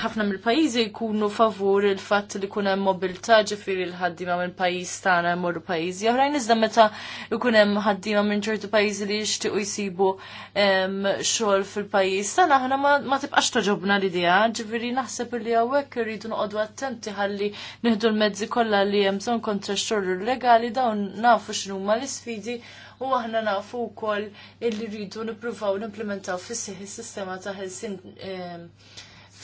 ħafna mill-pajjiżi jkunu favur il-fatt li jkun hemm mobilità ġifieri l ħaddima minn pajjiż tagħna jmorru pajjiżi oħrajn iżda meta jkun hemm ħaddiema minn ċertu pajjiżi li jixtiequ jsibu xogħol fil-pajjiż tagħna aħna ma tibqax toġobna l-idea, ġifiri naħseb li hawnhekk rridu noqogħdu attenti ħalli nieħdu l-mezzi kollha li hemm kontra xorru legali dawn nafu x'inhuma l-isfidi u aħna nafu wkoll illi rridu nippruvaw nimplementaw fis-sieħi sistema ta' ħelsin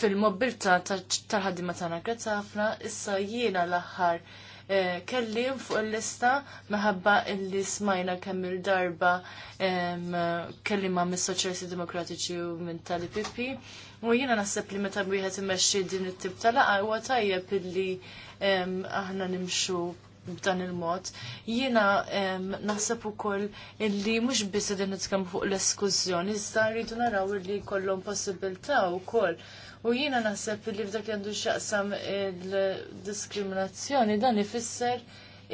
fil-mobilta tal-ħaddima tagħna grazzi ħafna issa jiena l-aħħar eh, kelli fuq il-lista meħabba illi smajna kemm il-darba kelli ma' mis-Soċjalisti Demokratiċi u minn tal-IPP. U jiena naħseb li meta wieħed imexxi din it-tip tal-laqa huwa tajjeb illi aħna nimxu b'dan il-mod. Jiena naħseb ukoll illi mhux biss qegħdin nitkellmu fuq l-eskużjoni, iżda rridu naraw li jkollhom possibilità wkoll U jiena naħseb li f'dak jandu għandu xaqsam il-diskriminazzjoni dan ifisser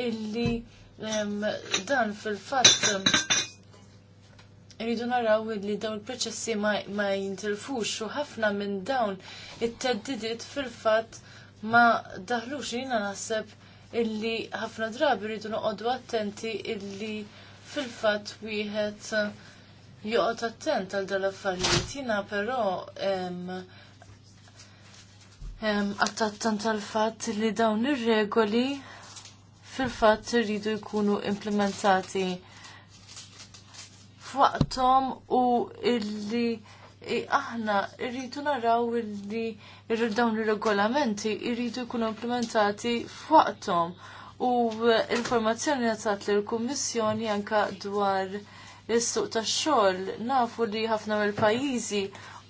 illi dan fil-fatt rridu naraw li dawn il-proċessi ma jintilfux u ħafna minn dawn it-teddidiet fil-fatt ma daħlux jiena naħseb illi ħafna drabi rridu noqogħdu attenti illi fil-fatt wieħed joqgħod attent għal dal affarijiet. Jiena però għattattan tal-fat li dawn ir-regoli fil-fat rridu jkunu implementati f'waqthom u illi aħna rridu naraw illi dawn ir-regolamenti rridu jkunu implementati f'waqthom u l informazzjoni għatat l kummissjoni anka dwar is-suq tax-xogħol nafu li ħafna mill-pajjiżi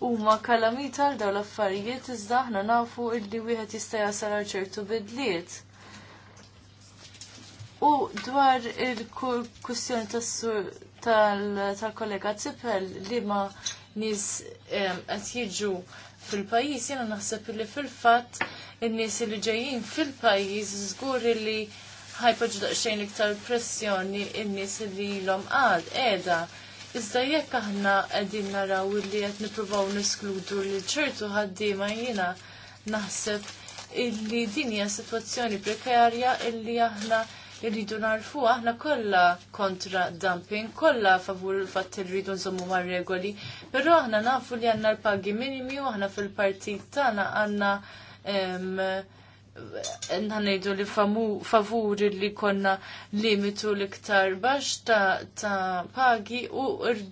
huma kalamita għal dawn l-affarijiet iżda aħna nafu illi wieħed jista' jasal għal ċertu bidliet. U dwar il-kwistjoni tal-kollega Tipel li ma nis qed jiġu fil-pajjiż jiena naħseb li fil-fatt in-nies li ġejjin fil-pajjiż żgur li ħajpa daqsxejn iktar pressjoni in-nies li ilhom għad qiegħda Iżda jekk aħna qegħdin naraw li qed nippruvaw niskludu li ċertu ħaddiema jiena naħseb illi din hija sitwazzjoni prekarja illi aħna irridu narfu aħna kollha kontra dumping, kollha favur il-fatt irridu nżommu mar regoli, però aħna nafu li għandna l-pagi minimi u aħna fil-partit tagħna għandna ngħidu li favuri li konna limitu l-iktar bax ta', ta pagi u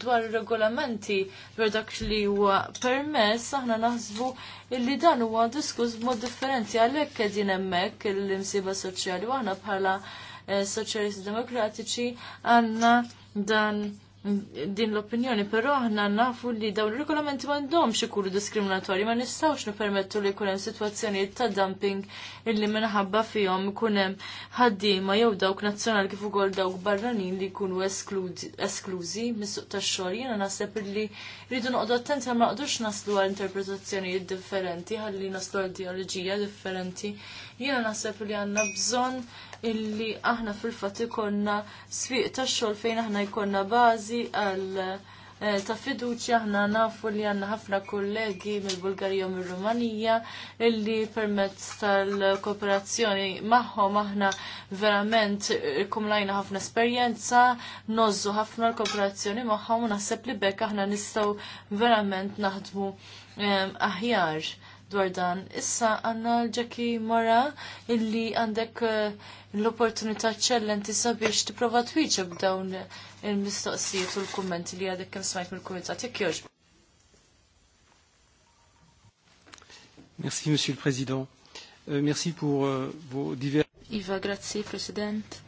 dwar regolamenti dwar dak li huwa permess aħna naħsbu li dan huwa diskuż b'mod differenti għalhekk qegħdin hemmhekk l-imsiba soċjali u aħna bħala eh, soċjalisti demokratiċi għandna dan din l-opinjoni, però aħna nafu li dawn il-regolamenti m'għandhomx ikunu diskriminatorji, ma nistgħux nippermettu li jkun hemm sitwazzjonijiet ta' dumping illi minħabba fihom ikun hemm ħaddiema jew dawk nazzjonali kif ukoll dawk barranin li jkunu esklużi mis-suq tax-xogħol. Jiena naħseb li rridu noqgħdu attenti ma naqdux naslu għal interpretazzjonijiet differenti, ħalli naslu għal ideoloġija differenti. Jiena naħseb li għandna bżonn illi aħna fil-fat ikonna sfiq ta' xol fejn aħna ikonna bazi għal eh, ta' fiduċi aħna nafu li għanna ħafna kollegi mill-Bulgarija u mill-Rumanija illi permezz tal-kooperazzjoni magħhom aħna verament kumlajna ħafna esperjenza, nozzu ħafna l-kooperazzjoni magħhom u naħseb li bekk aħna nistgħu verament naħdmu eh, aħjar dwar dan. Issa għanna l-ġeki mora illi għandek eh, l-opportunità ċellenti sabiex tipprova twieġeb dawn il-mistoqsijiet u l-kummenti li għadek kemm smajt mill-kumitat jekk jogħġbu. Merci, Monsieur le Président. Euh, merci pour euh, vos divers... Iva, grazie, President.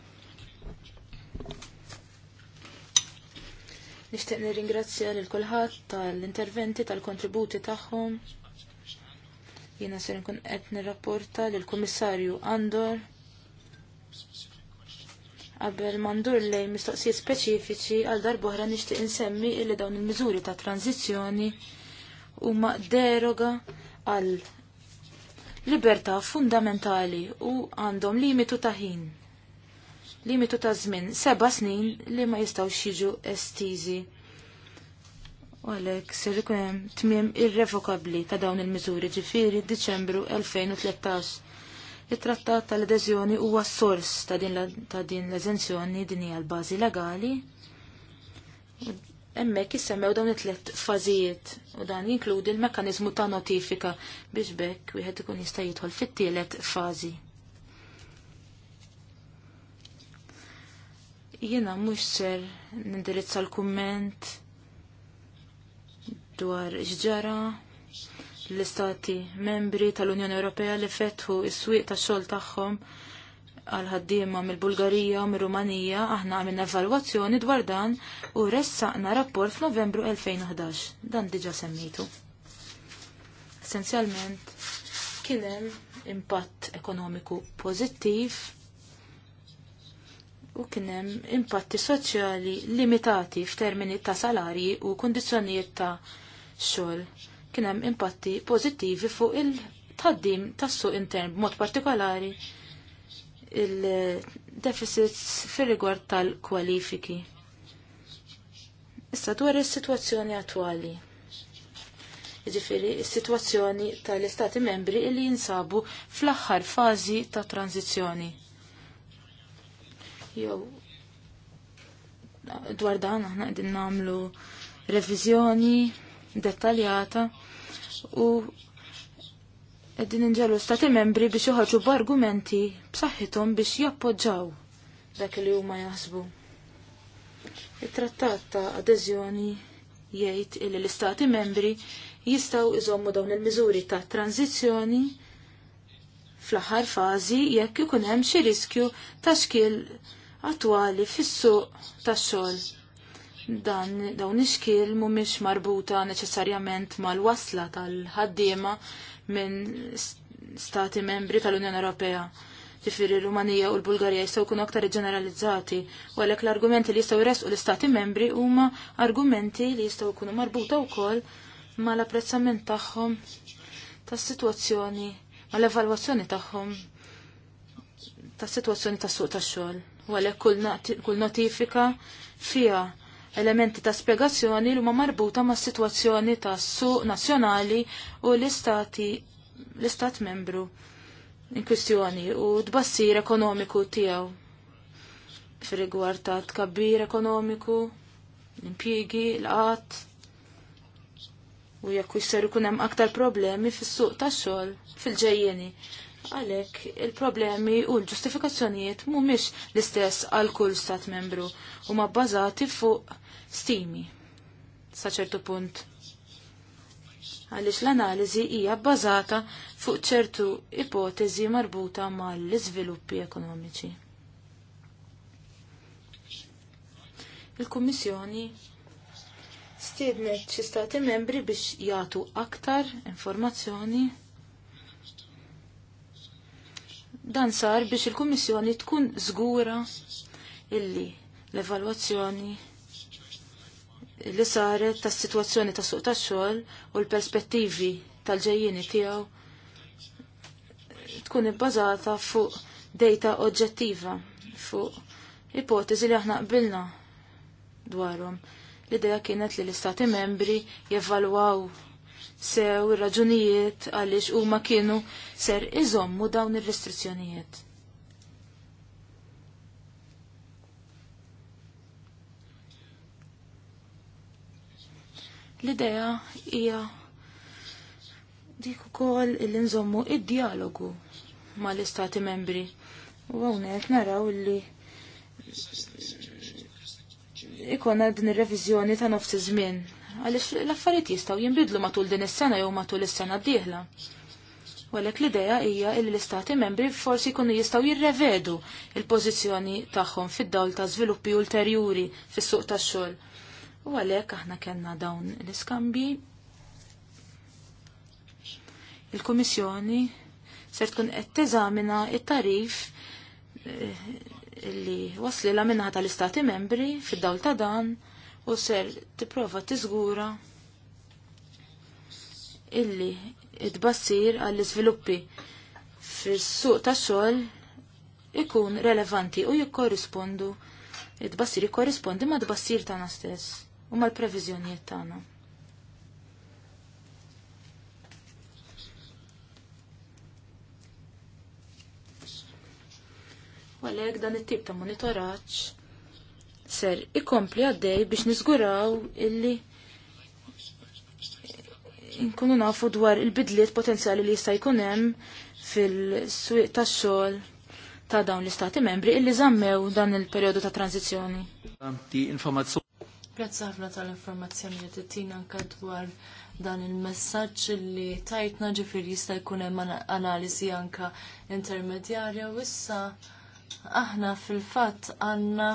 Nishtiq nirringrazzja lil kulħadd tal-interventi tal-kontributi tagħhom. Jiena ser nkun qed nirrapporta lill kommissarju Andor Qabel mandur lej mistoqsijiet speċifiċi għal darbohra nixtieq insemmi illi dawn il-miżuri ta' tranzizzjoni huma deroga għal libertà fundamentali u għandhom limitu ta' ħin. Limitu ta' żmien seba' snin li ma jistgħux jiġu estiżi. U għalhekk ser ikun hemm tmiem irrevokabbli ta' dawn il-miżuri ġifieri Diċembru 2013 Il-trattat tal-adeżjoni huwa sors ta' din l-eżenzjoni din hija l-bażi legali. Hemmhekk issemmew dawn it-tliet fażijiet u dan jinkludi l-mekkaniżmu ta' notifika biex bekk wieħed ikun jista' jidħol fit-tielet fażi. Jiena mhux ser nindirizza l-kumment dwar x'ġara l-istati membri tal-Unjoni Ewropea li fetħu is-swieq tax-xogħol tagħhom għal ħaddiema mill-Bulgarija u mir-Rumanija aħna għamilna evalwazzjoni dwar dan u ressaqna rapport f'Novembru 2011. Dan diġa semmitu. Essenzjalment kien hemm impatt ekonomiku pożittiv u kien hemm impatti soċjali limitati f'termini ta' salarji u kundizzjonijiet ta' xogħol kien hemm impatti pożittivi fuq il-tħaddim tas-suq intern b'mod partikolari il-deficits fir-rigward tal-kwalifiki. Issa dwar is-sitwazzjoni attwali. jiġifieri is-sitwazzjoni tal-Istati membri li jinsabu fl-aħħar fażi ta' tranzizzjoni. Jew dwar dan aħna qegħdin nagħmlu reviżjoni dettaljata u qegħdin inġelu stati membri biex joħorġu b'argumenti b'saħħithom biex jappoġġaw dak li huma jaħsbu. Il-trattat ta' adeżjoni jgħid li l-istati membri jistgħu iżommu dawn il-miżuri ta' tranzizzjoni fl-aħħar fażi jekk ikun hemm xi riskju ta' xkil attwali fis-suq tax-xogħol dan dawn ix-xkiel mhumiex marbuta neċessarjament mal-wasla tal-ħaddiema minn stati membri tal-Unjoni Ewropea. Ġifieri Rumanija u l-Bulgarija jistgħu jkunu aktar ġeneralizzati, u għalhekk l-argumenti li jistgħu jresqu l-istati membri huma argumenti li jistgħu jkunu marbuta wkoll mal-apprezzament tagħhom tas-sitwazzjoni, mal-evalwazzjoni tagħhom tas-sitwazzjoni tas-suq tax-xogħol. U għalhekk kull notifika fiha elementi ta' spiegazzjoni li huma marbuta ma' situazzjoni ta' suq nazzjonali u l-istati l-istat membru in kwistjoni u tbassir ekonomiku tiegħu fir-rigward ta' tkabbir ekonomiku, l-impjiegi, l qat u jekk jisser ikun hemm aktar problemi fis-suq tax-xogħol fil-ġejjeni. Għalhekk il-problemi u l-ġustifikazzjonijiet mhumiex l-istess għal kull stat membru huma bbażati fuq stimi sa ċertu punt. Għaliex l-analiżi hija bbażata fuq ċertu ipotezi marbuta mal-iżviluppi ekonomiċi. Il-Kummissjoni stiednet xi stati membri biex jagħtu aktar informazzjoni dan sar biex il-Kummissjoni tkun żgura illi l-evalwazzjoni li saret tas situazzjoni tas suq tax-xogħol u l-perspettivi tal-ġejjieni tiegħu tkun ibbażata fuq data oġġettiva, fuq ipotezi li aħna qbilna dwarhom. L-idea kienet li l-istati membri jevalwaw sew ir-raġunijiet għaliex huma kienu ser iżommu dawn ir-restrizzjonijiet. L-idea hija dik ukoll li nżommu id-dialogu mal-istati membri. U hawnhekk naraw li ikon din ir-reviżjoni ta' nofs iż-żmien għaliex l-affarijiet jistgħu jinbidlu matul din is-sena jew matul is-sena d-dieħla. Walek l-idea hija li l-istati membri forsi jkunu jistgħu jirrevedu il-pożizzjoni tagħhom fid-dawl ta' żviluppi ulterjuri fis-suq tax-xogħol u għalhekk aħna kellna dawn l-iskambji. Il-Kummissjoni ser tkun qed teżamina it-tarif eh, li waslila minnaħa tal-Istati membri fid-dawl ta' dan u ser tipprova tiżgura illi id-bassir għall-iżviluppi fis-suq tax-xogħol ikun relevanti u jikkorrispondu id-bassir jikkorrispondi ma' d-bassir tagħna stess u mal-previżjonijiet tagħna. Għalhekk dan it-tip ta' monitoraġġ ser ikompli għaddej biex niżguraw illi nkunu nafu dwar il-bidliet potenzjali li jista' jkun hemm fil-swieq tax-xogħol ta' dawn l-istati membri illi zammew dan il-perjodu ta' transizzjoni napprezza ħafna tal-informazzjoni li tittina anke dwar dan il-messaġġ li tajtna ġifir jista' jkun hemm analiżi anke intermedjarja u issa aħna fil-fatt għandna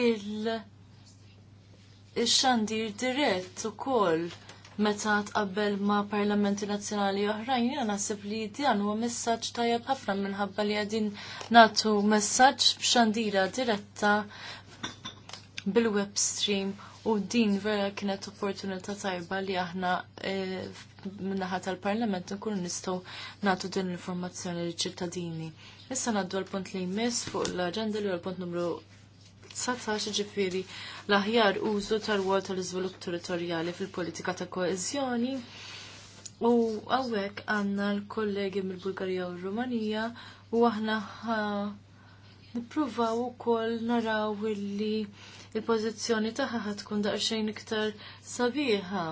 il- ix-xandir dirett ukoll meta tqabbel ma' parlamenti nazzjonali oħrajn, jiena naħseb li dan huwa messaġġ tajjeb ħafna minħabba li qegħdin nagħtu messaġġ b'xandira diretta bil-web stream u din vera kienet opportunità tajba li aħna eh, minnaħat tal-parlament nkunu nistgħu nagħtu din l-informazzjoni liċ ċittadini Issa ngħaddu l punt li jmiss fuq l-aġenda li l punt numru 19 ġifiri l-aħjar użu tal-wol tal-iżvilupp territorjali fil-politika ta' koeżjoni. U għawek għanna l-kollegi mill-Bulgarija u Rumanija u aħna nippruvaw ukoll naraw li il-pożizzjoni tagħha ħatkun tkun daqsxejn iktar sabiħa.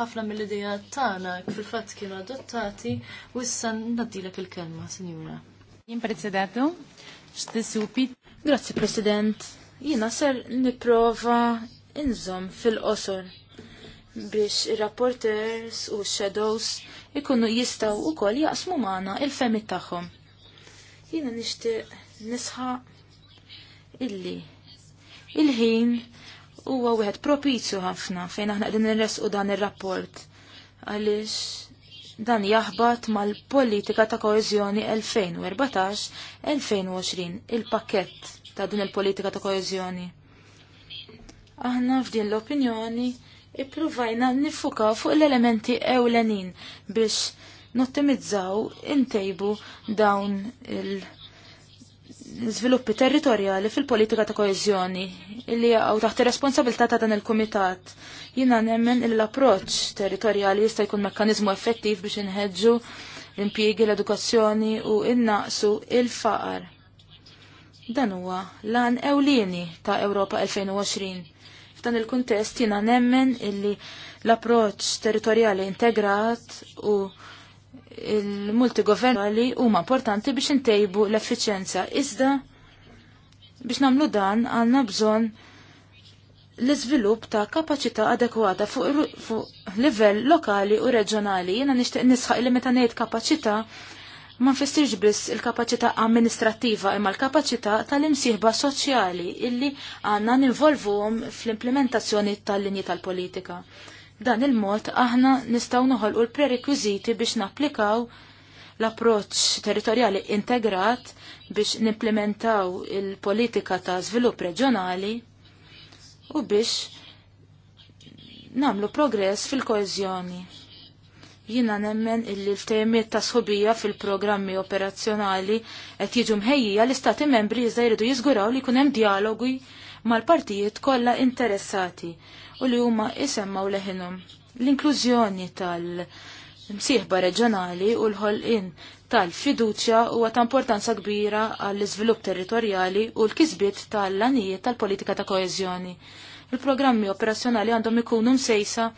Ħafna mill-idea tagħna fil-fatt kienu adottati u issa nadilek il-kelma, Sinjura. Jien Presidente, x'tissupi. Grazzi President. Jiena ser nipprova inżomm fil-qosor biex ir-rapporters u shadows ikunu jistaw u koll jaqsmu maħna il femi taħħom. Jina nishtiq nisħa illi il-ħin huwa wieħed propizju ħafna fejn aħna qegħdin nirresqu dan ir-rapport għaliex dan jaħbat mal-politika ta' koeżjoni 2014-2020 il-pakkett ta' din il-politika ta' koeżjoni. Aħna f'din l-opinjoni ippruvajna nifukaw fuq l-elementi ewlenin biex nottimizzaw intejbu dawn il- l-sviluppi territorjali fil-politika ta' koezjoni illi għaw taħt responsabilità ta' dan il-komitat. Jina nemmen l-approċ territorjali jista' jkun mekkanizmu effettiv biex inħedġu l-impjiegi l-edukazzjoni u innaqsu il-faqar. Dan huwa lan ewlieni ta' Ewropa 2020. F'dan il-kuntest jina nemmen illi l-approċ territorjali integrat u il multigovernali huma importanti biex intejbu l-effiċenza. Iżda biex namlu dan għandna bżonn l-iżvilupp ta' kapaċità adekwata fuq, fu livell lokali u reġjonali. Jiena nixtieq nisħaq li meta ngħid kapaċità ma nfissirx biss il-kapaċità amministrattiva imma l-kapaċità tal-imsieħba soċjali illi għandna ninvolvuhom fl-implementazzjoni tal-linji tal-politika. tal linji tal politika Dan il-mod aħna nistgħu noħolqu l-prerekwiżiti biex napplikaw l-approċċ territorjali integrat biex nimplementaw il-politika ta' żvilupp reġjonali u biex namlu progress fil-koeżjoni. Jina nemmen illi l-temiet ta' sħobija fil-programmi operazzjonali qed jiġu mħejjija l-istati membri iżda jridu jiżguraw li jkun hemm dialogu mal-partijiet kollha interessati u li huma isemmaw leħinhom l-inklużjoni tal-msieħba reġjonali u l-ħolqin tal-fiduċja huwa ta' importanza kbira għall-iżvilupp territorjali u l-kisbiet tal-lanijiet tal-politika ta' koeżjoni. Il-programmi operazzjonali għandhom ikunu msejsa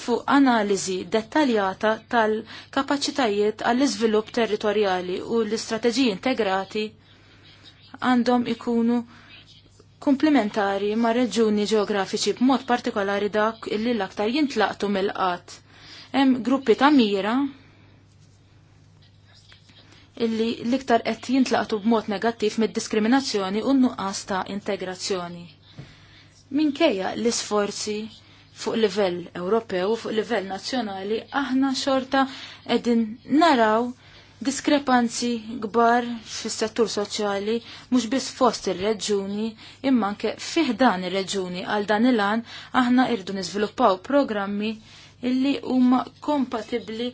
fuq analiżi dettaljata tal-kapaċitajiet għall-iżvilupp territorjali u l-istrateġiji integrati għandhom ikunu komplementari ma' reġuni ġeografiċi b'mod partikolari dak illi l-aktar jintlaqtu mill-qat. Hemm gruppi ta' mira illi l-iktar qed jintlaqtu b'mod negattiv mid-diskriminazzjoni u nuqqas ta' integrazzjoni. Minkejja l-isforzi fuq livell Ewropew u fuq livell nazzjonali aħna xorta qegħdin naraw diskrepanzi kbar fis-settur soċjali mhux biss fost ir-reġuni imma anke fih dan ir-reġuni għal dan il an aħna irdu niżviluppaw programmi illi huma kompatibbli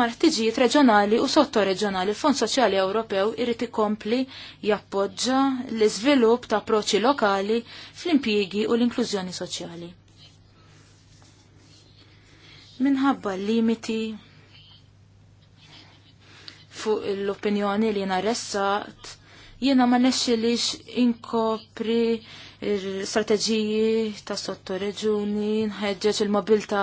mal-ħtiġijiet reġjonali u sottoreġjonali. Il-Fond Soċjali Ewropew irid ikompli jappoġġa l-iżvilupp ta' approċċi lokali fl-impjiegi u l-inklużjoni soċjali minħabba limiti fuq l-opinjoni li jena Jiena jena ma nexxilix inkopri strateġiji ta' sottoreġuni, nħedġeġ il-mobilta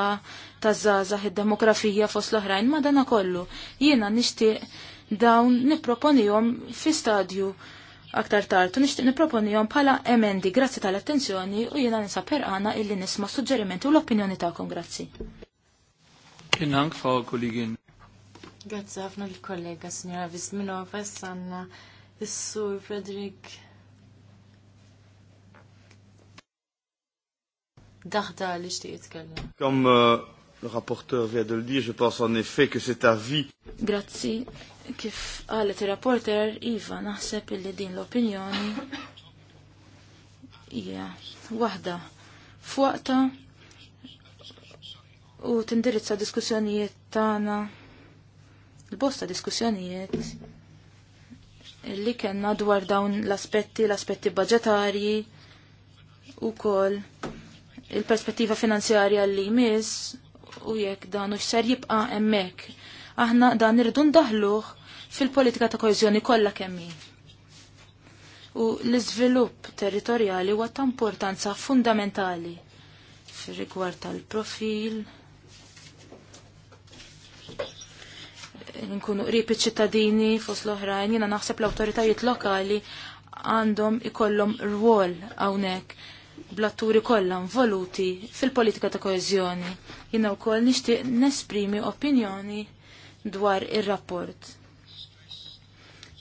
ta' zazah, id-demografija fost l-oħrajn, ma dana kollu. Jena nishtiq dawn niproponijom fi stadju aktar tartu nishtiq niproponijom pala emendi. Grazzi tal-attenzjoni u jena nisa għana illi nisma suġġerimenti u l-opinjoni ta'kom, grazzi. Kienank, fa' Kollegin. Grazzi ħafna l-kollega Signora Visminova, sanna s-sur Frederik Darda li xtiq jitkellem. Comme euh, le rapporteur vient de le dire, je pense en effet que cet avis. Grazzi, kif għalet il-rapporter, Iva, naħseb illi din l-opinjoni hija waħda fuqta u tindirizza diskussjonijiet tagħna l-bosta diskussjonijiet li kena dwar dawn l-aspetti, l-aspetti budgetari u kol il-perspettiva finanzjarja li jmiss u jekk dan u xser jibqa emmek. Aħna dan irdun daħluħ fil-politika ta' koezjoni kollha kemmi. U l-iżvilupp territorjali huwa ta' importanza fundamentali fir-rigward tal-profil, nkunu qrib iċ-ċittadini fost l-oħrajn, jiena naħseb l-awtoritajiet lokali għandhom ikollhom rwol hawnhekk bl-atturi kollha involuti fil-politika ta' koeżjoni. Jiena wkoll nixtieq nesprimi opinjoni dwar ir-rapport.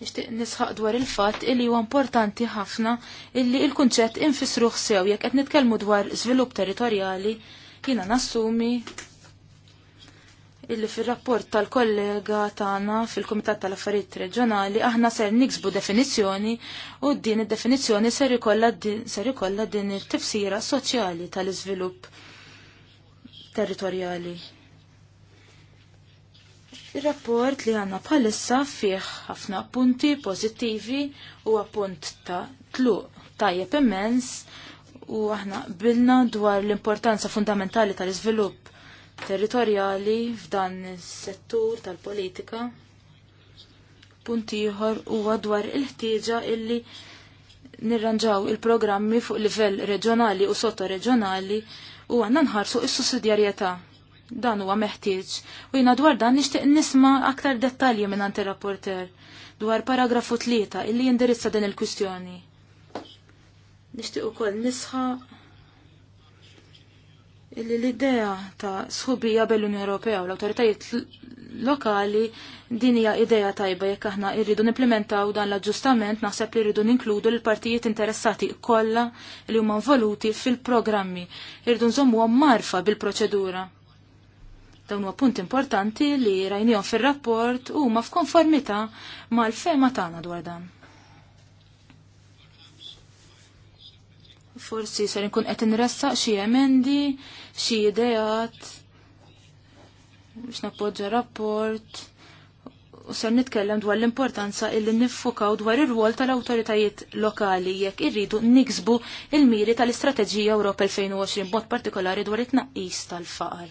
Nixtieq nisħaq dwar il-fatt illi huwa importanti ħafna illi il-kunċett infisruh sew jekk qed nitkellmu dwar żvilupp territorjali jiena nassumi illi fil-rapport tal-kollega tagħna fil-Kumitat tal-Affarijiet Reġjonali aħna ser niksbu definizzjoni u din id-definizzjoni ser ikollha ser ikollha din it-tifsira soċjali tal-iżvilupp territorjali. Il-rapport li għanna bħalissa fih ħafna punti pożittivi u appunt ta' tluq tajjeb immens u aħna bilna dwar l-importanza fundamentali tal-iżvilupp territorjali f'dan is-settur tal-politika. Punt ieħor huwa dwar il-ħtieġa illi nirranġaw il-programmi fuq livell reġjonali u sottoreġjonali u għanna nħarsu is-sussidjarjetà. Dan huwa meħtieġ u jiena dwar dan nixtieq nisma' aktar dettalji minn anti rapporter dwar paragrafu tlieta illi jindirizza din il-kwistjoni. Nixtieq ukoll nisħa' li l-idea ta' sħubija bell-Unjoni Ewropea u l-autoritajiet lokali din hija idea tajba jekk aħna rridu nimplementaw dan l-aġġustament naħseb li rridu ninkludu l-partijiet interessati kollha li huma involuti fil-programmi. Irridu nżommuhom marfa bil-proċedura. Dawn huwa punt importanti li rajnihom fir-rapport huma f'konformità mal-fema tagħna dwar dan. Forsi ser nkun qed inressaq xi emendi xi ideat biex nappoġġa rapport u ser nitkellem dwar l-importanza illi nifukaw dwar ir-rwol tal-awtoritajiet lokali jekk irridu niksbu il-miri tal-Istrateġija Ewropa 2020 b'mod partikolari dwar it-tnaqqis tal-faqar.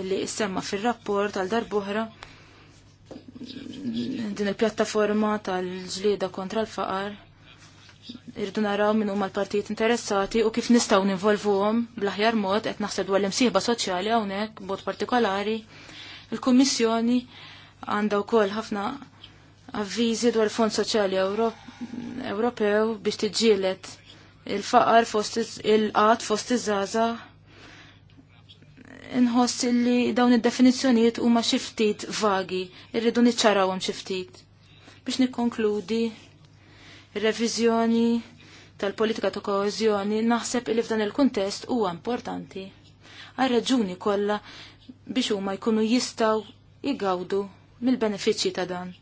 Illi issemma fir-rapport tal-darbuħra din il-pjattaforma tal-ġlieda kontra l-faqar irridu naraw minn huma l-partijiet interessati u kif nistgħu ninvolvuhom bl-aħjar mod qed naħseb dwar l-imsieħba soċjali hawnhekk b'mod partikolari. Il-Kummissjoni għandha wkoll ħafna avviżi dwar il-Fond Soċjali Ewropew biex tiġġielet il-faqar fost il-qat fost iż-żaża inħoss li dawn id-definizzjonijiet huma xi ftit vagi, irridu niċċarawhom xi ftit. Biex nikkonkludi reviżjoni tal-politika ta' koezjoni naħseb li f'dan il-kuntest huwa importanti għal-raġuni kollha biex huma jkunu jistgħu jgawdu mill-benefiċċji ta' dan.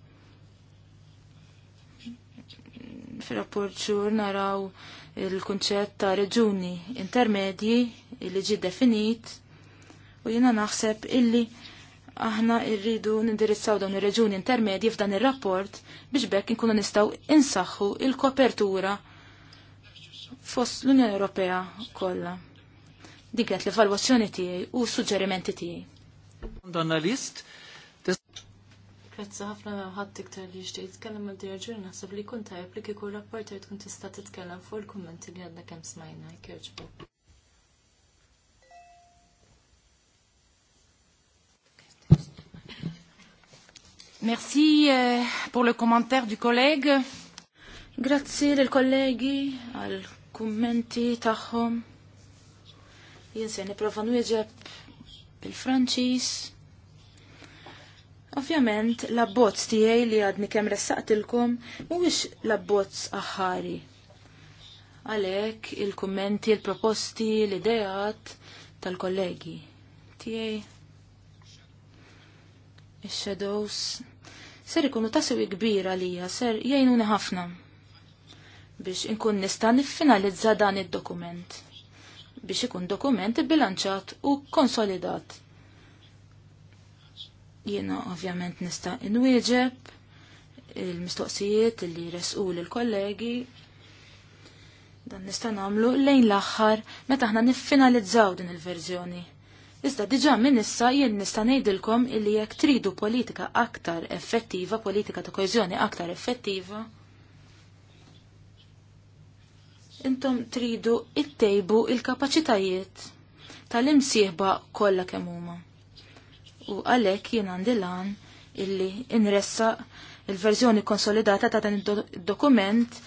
Fir-rapport xhur naraw il-kunċett ta' reġuni intermedji li ġi definit u jiena naħseb illi aħna irridu nindirizzaw dawn ir-reġuni intermedji f'dan ir-rapport biex bekk inkunu nistgħu insaħħu il-kopertura fost l-Unjoni Ewropea kollha. Dik l-evalwazzjoni tiegħi u s-suġġerimenti tiegħi. Donna Grazzi ħafna ħadd iktar li jixtieq jitkellem għal dirġur naħseb li kun tajjeb li kieku jrid tkun tista' titkellem fuq il-kummenti li għandna kemm smajna jkerġbu. Merci euh, pour le commentaire du collègue. Grazzi lil kollegi għal kummenti tagħhom. Jien se nipprova nwieġeb il franċiż Ovvjament l-abbozz tiegħi li għadni kemm ressaqtilkom mhuwiex l-abbozz aħari. Għalhekk il-kummenti, il-proposti, l-idejat tal-kollegi tiegħi. Ix-shadows ser ikunu ta' kbira għalija, ser jgħinuni ħafna biex inkun nista' niffinalizza dan id-dokument biex ikun dokument bilanċat u konsolidat. Jiena ovvjament nista' inwieġeb il-mistoqsijiet li resqu l-kollegi dan nista' nagħmlu lejn l-aħħar meta aħna niffinalizzaw din il-verżjoni. Iżda diġa minn issa jien nista' ngħidilkom illi jekk tridu politika aktar effettiva, politika ta' koeżjoni aktar effettiva, intom tridu ittejbu il-kapaċitajiet tal-imsieħba kollha kemm huma. U għalhekk jien għandi lan illi inressa il-verżjoni konsolidata ta' dan id-dokument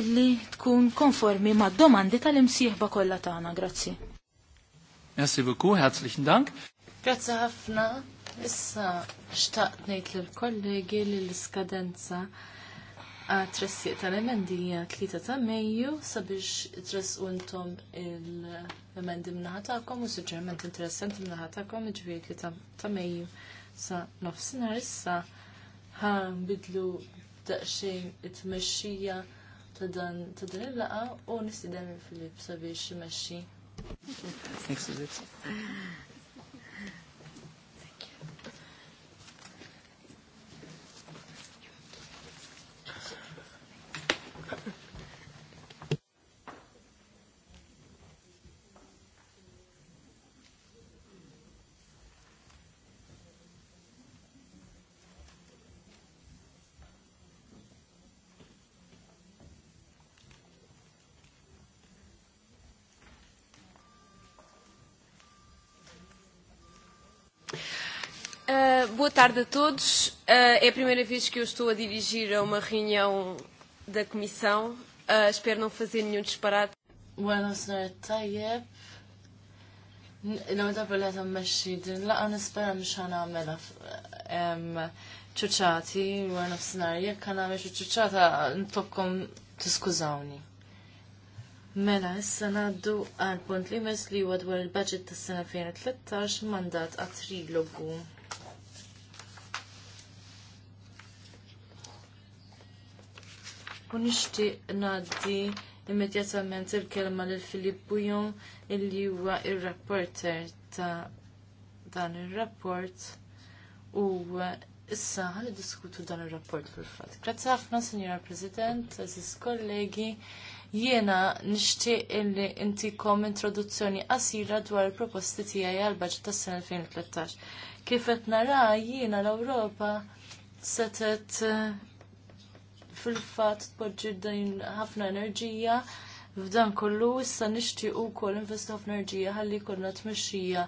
illi tkun konformi mad domandi tal-imsieħba kollha tagħna. Grazzi. Merci beaucoup, herzlichen Dank. Grazie ħafna. Issa xtaqt ngħid lill-kollegi li l-iskadenza għat-tressiq tal-emendija 3 ta' Mejju sabiex tresqu intom il-emendi mnaħatakom u suġġerment interessanti mnaħatakom ġviri li ta' Mejju sa' nofsinhar issa ħan bidlu daqsxejn it-tmexxija ta' dan il-laqa u nistiden il-Filip sabiex imexxi. Thanks, Susie. boa tarde a todos. Uh, é a primeira vez que eu estou a dirigir a uma reunião da Comissão. Uh, espero não fazer nenhum disparate. Buenos Sr. Tayeb. não não a Nota billet ammexxi din laqa nispera mhux ħanamela ċuċati wara nofsinhar jekk ħanagħmel xi ċuċata nitlobkom tiskużawni. Mela, issa ngħaddu għal punt li mis li huwa dwar il-budget tas-sena 2013 mandat għat trilogu. U nixtieq ngħaddi immedjatament il-kelma lil Filip Bujon illi huwa ir-rapporter ta' dan ir-rapport u issa ħalli diskutu dan ir-rapport fil-fatt. Grazzi ħafna, Sinjora President, eżis kollegi. Jiena nixtieq illi intikom introduzzjoni qasira dwar il-proposti tiegħi għal baġit tas-sena 2013. Kif qed nara jiena l-Ewropa setet fil-fatt tpoġġi din ħafna enerġija f'dan kollu issa nixtiequ wkoll investu ħafna enerġija ħalli jkollna tmexxija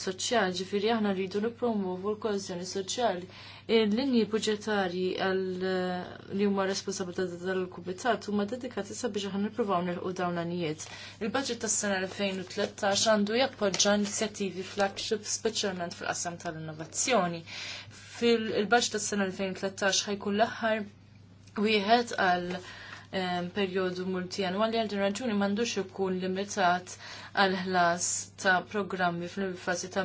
soċjali, ġifiri aħna rridu nippromovu l-kohezjoni soċjali. Il-linji budġetarji li huma responsabilità tal-kubitat huma dedikati sabiex aħna nippruvaw nilqu dawn l-anijiet. Il-budget tas-sena 2013 għandu jappoġġa inizjattivi flagship speċjalment fil-qasam tal-innovazzjoni. Fil-budget tas-sena 2013 ħajkun l-aħħar wieħed għal perjodu multijanwali għal din raġuni m'għandux ikun limitat għal ħlas ta' programmi fil-fazi ta'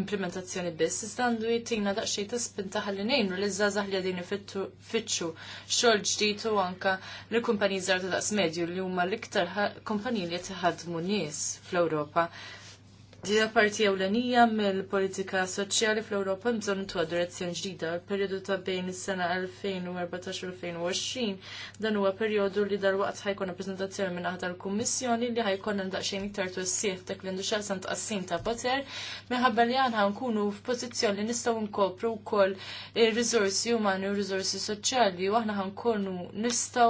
implementazzjoni biss. Iżda għandu jitina daqsxejn ta' spinta ħalli ngħinu li żgħażagħ li għadin ifittxu xogħol ġdid u anke li kumpaniji żgħar ta' daqs medju li huma l-iktar kumpaniji li jitħadmu nies fl-Ewropa Dina parti ewlenija mill-politika soċjali fl-Ewropa mżon tuha direzzjoni ġdida. periodu perjodu ta' bejn is-sena 2014-2020 dan huwa perjodu li dalwaqt ħajkun prezentazzjoni minn aħdar l-Kummissjoni li ħajkun daqsxejn iktar tu twissieħ dak li ndixxal xasant tqassim ta' poter minħabba li għandha nkunu f'pożizzjoni li nistgħu nkopru wkoll ir-riżorsi umani u riżorsi soċjali u aħna ħankunu nistgħu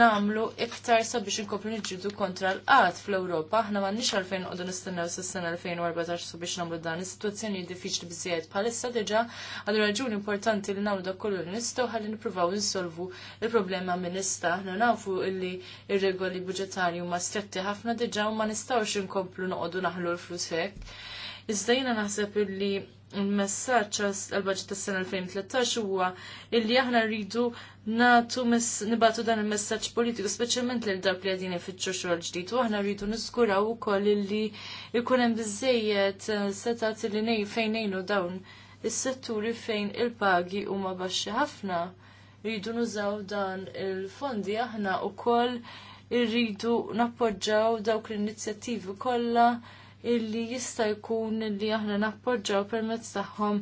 nagħmlu iktar sabiex inkopru niġġidu kontra l-qatt fl-Ewropa. Aħna m'għandniex għalfejn qogħdu nistennew s sena 2014 su biex namlu dan. is sitwazzjoni diffiċli biżjed bħalissa diġà għal raġuni importanti li nagħmlu dak kollu nistgħu ħalli nippruvaw insolvu il-problema minn nista. Aħna nafu illi ir-regoli budġetarji huma stretti ħafna diġà u ma nistgħux inkomplu noqogħdu naħlu l-flus hekk. Iżda jiena naħseb illi il-messaġġ għal-budget tas-sena 2013 huwa illi aħna rridu natu nibatu dan il-messaġġ politiku speċjalment lil dak li qegħdin ifittxu xogħol ġdid u aħna rridu niskuraw ukoll illi jkun hemm biżejjed eh, setat li nej fejn ngħinu dawn is-setturi fejn il-pagi huma baxxi ħafna. Rridu nużaw dan il-fondi aħna ukoll irridu nappoġġaw dawk l-inizjattivi kollha illi jista' jkun li aħna nappoġġaw permezz tagħhom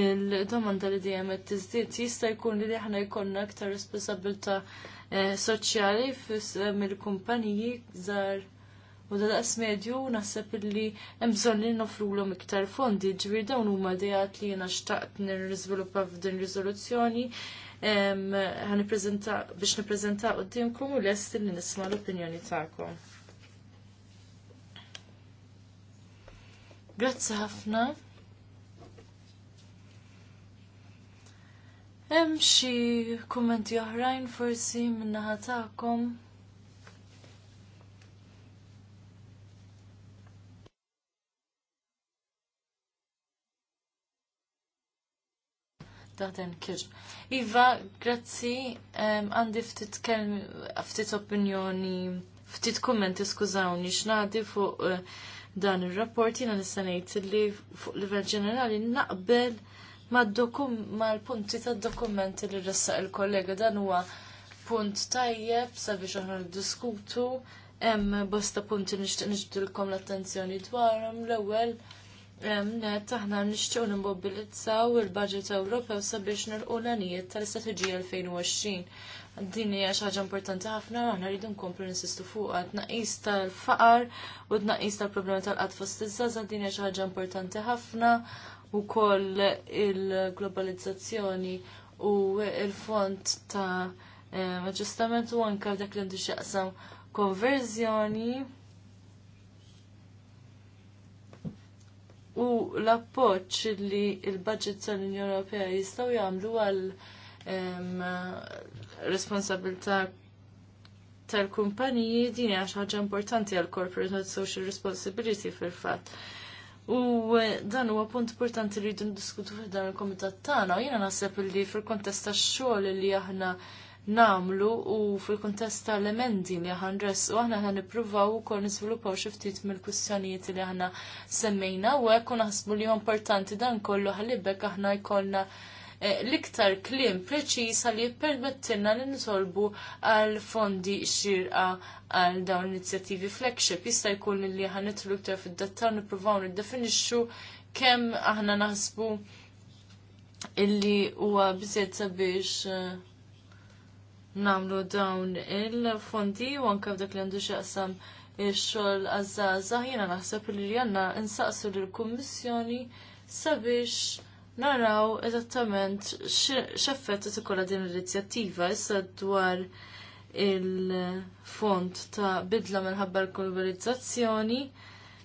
il-domanda li dejjem qed tiżdied jista' jkun li aħna jkollna aktar responsabilità eh, soċjali eh, mill-kumpaniji żgħar u daqs medju naħseb illi hemm bżonn li nofrulhom iktar fondi, ġifieri dawn huma dejat li jiena xtaqt nirriżviluppa f'din riżoluzzjoni biex nippreżenta qudiemkom u lest li nisma' l-opinjoni tagħkom. Grazzi ħafna. Hemm xi kummenti oħrajn forsi min-naħa tagħkom. Daħden kir. Iva, grazzi, għandi ftit kelmi, ftit opinjoni, ftit kummenti, skużawni, xnadi fuq uh, dan ir-rapport jiena nista' ngħid li fuq livell ġenerali naqbel mal-punti tad-dokumenti li ressaq il-kollega dan huwa punt tajjeb sabiex aħna diskutu hemm bosta punti nixtieq nixtilkom l-attenzjoni dwarhom l-ewwel Net, aħna nixtiew nimmobilizzaw il-budget Ewropew sabiex nirqu l-għanijiet tal-istrateġija 2020. Din hija xi ħaġa importanti ħafna aħna rridu nkomplu ninsistu fuqha tnaqqis tal-faqar u tnaqqis tal-problema tal-qatt fost iż-żaża din hija xi ħaġa importanti ħafna ukoll il-globalizzazzjoni u il-font ta' aġġustament u anke dak li għandu x'jaqsam konverżjoni u l-appoċ li il-budget tal-Unjoni Ewropea jistgħu jagħmlu għal responsabilità tal-kumpaniji din hija ħaġa importanti għal corporate social responsibility fil-fatt. U eh, dan huwa punt importanti li rridu ndiskutu dan il-komitat tagħna, jiena naħseb li fil-kontest tax-xogħol li aħna namlu u fil-kontest tal-emendi li ħan u aħna għan nipruvaw ukoll kon xi ftit mill-kwistjonijiet li aħna semmejna u hekk u naħsbu li importanti dan kollu ħalibek aħna jkollna eh, l-iktar kliem preċiż li jippermettilna li nitolbu għal fondi xirqa għal dawn l-inizjattivi flagship. Jista' jkun li ħan nitlu iktar fid-dettal nippruvaw niddefinixxu kemm aħna naħsbu illi huwa biżjed sabiex eh, namlu dawn il-fondi u anke f'dak li għandu xaqsam il-xol għazzaza jena naħseb li għanna insaqsu l-Kummissjoni sabiex naraw eżattament x'effett qed ikolla din l-inizjattiva issa dwar il-fond ta' bidla minħabba l-kulverizzazzjoni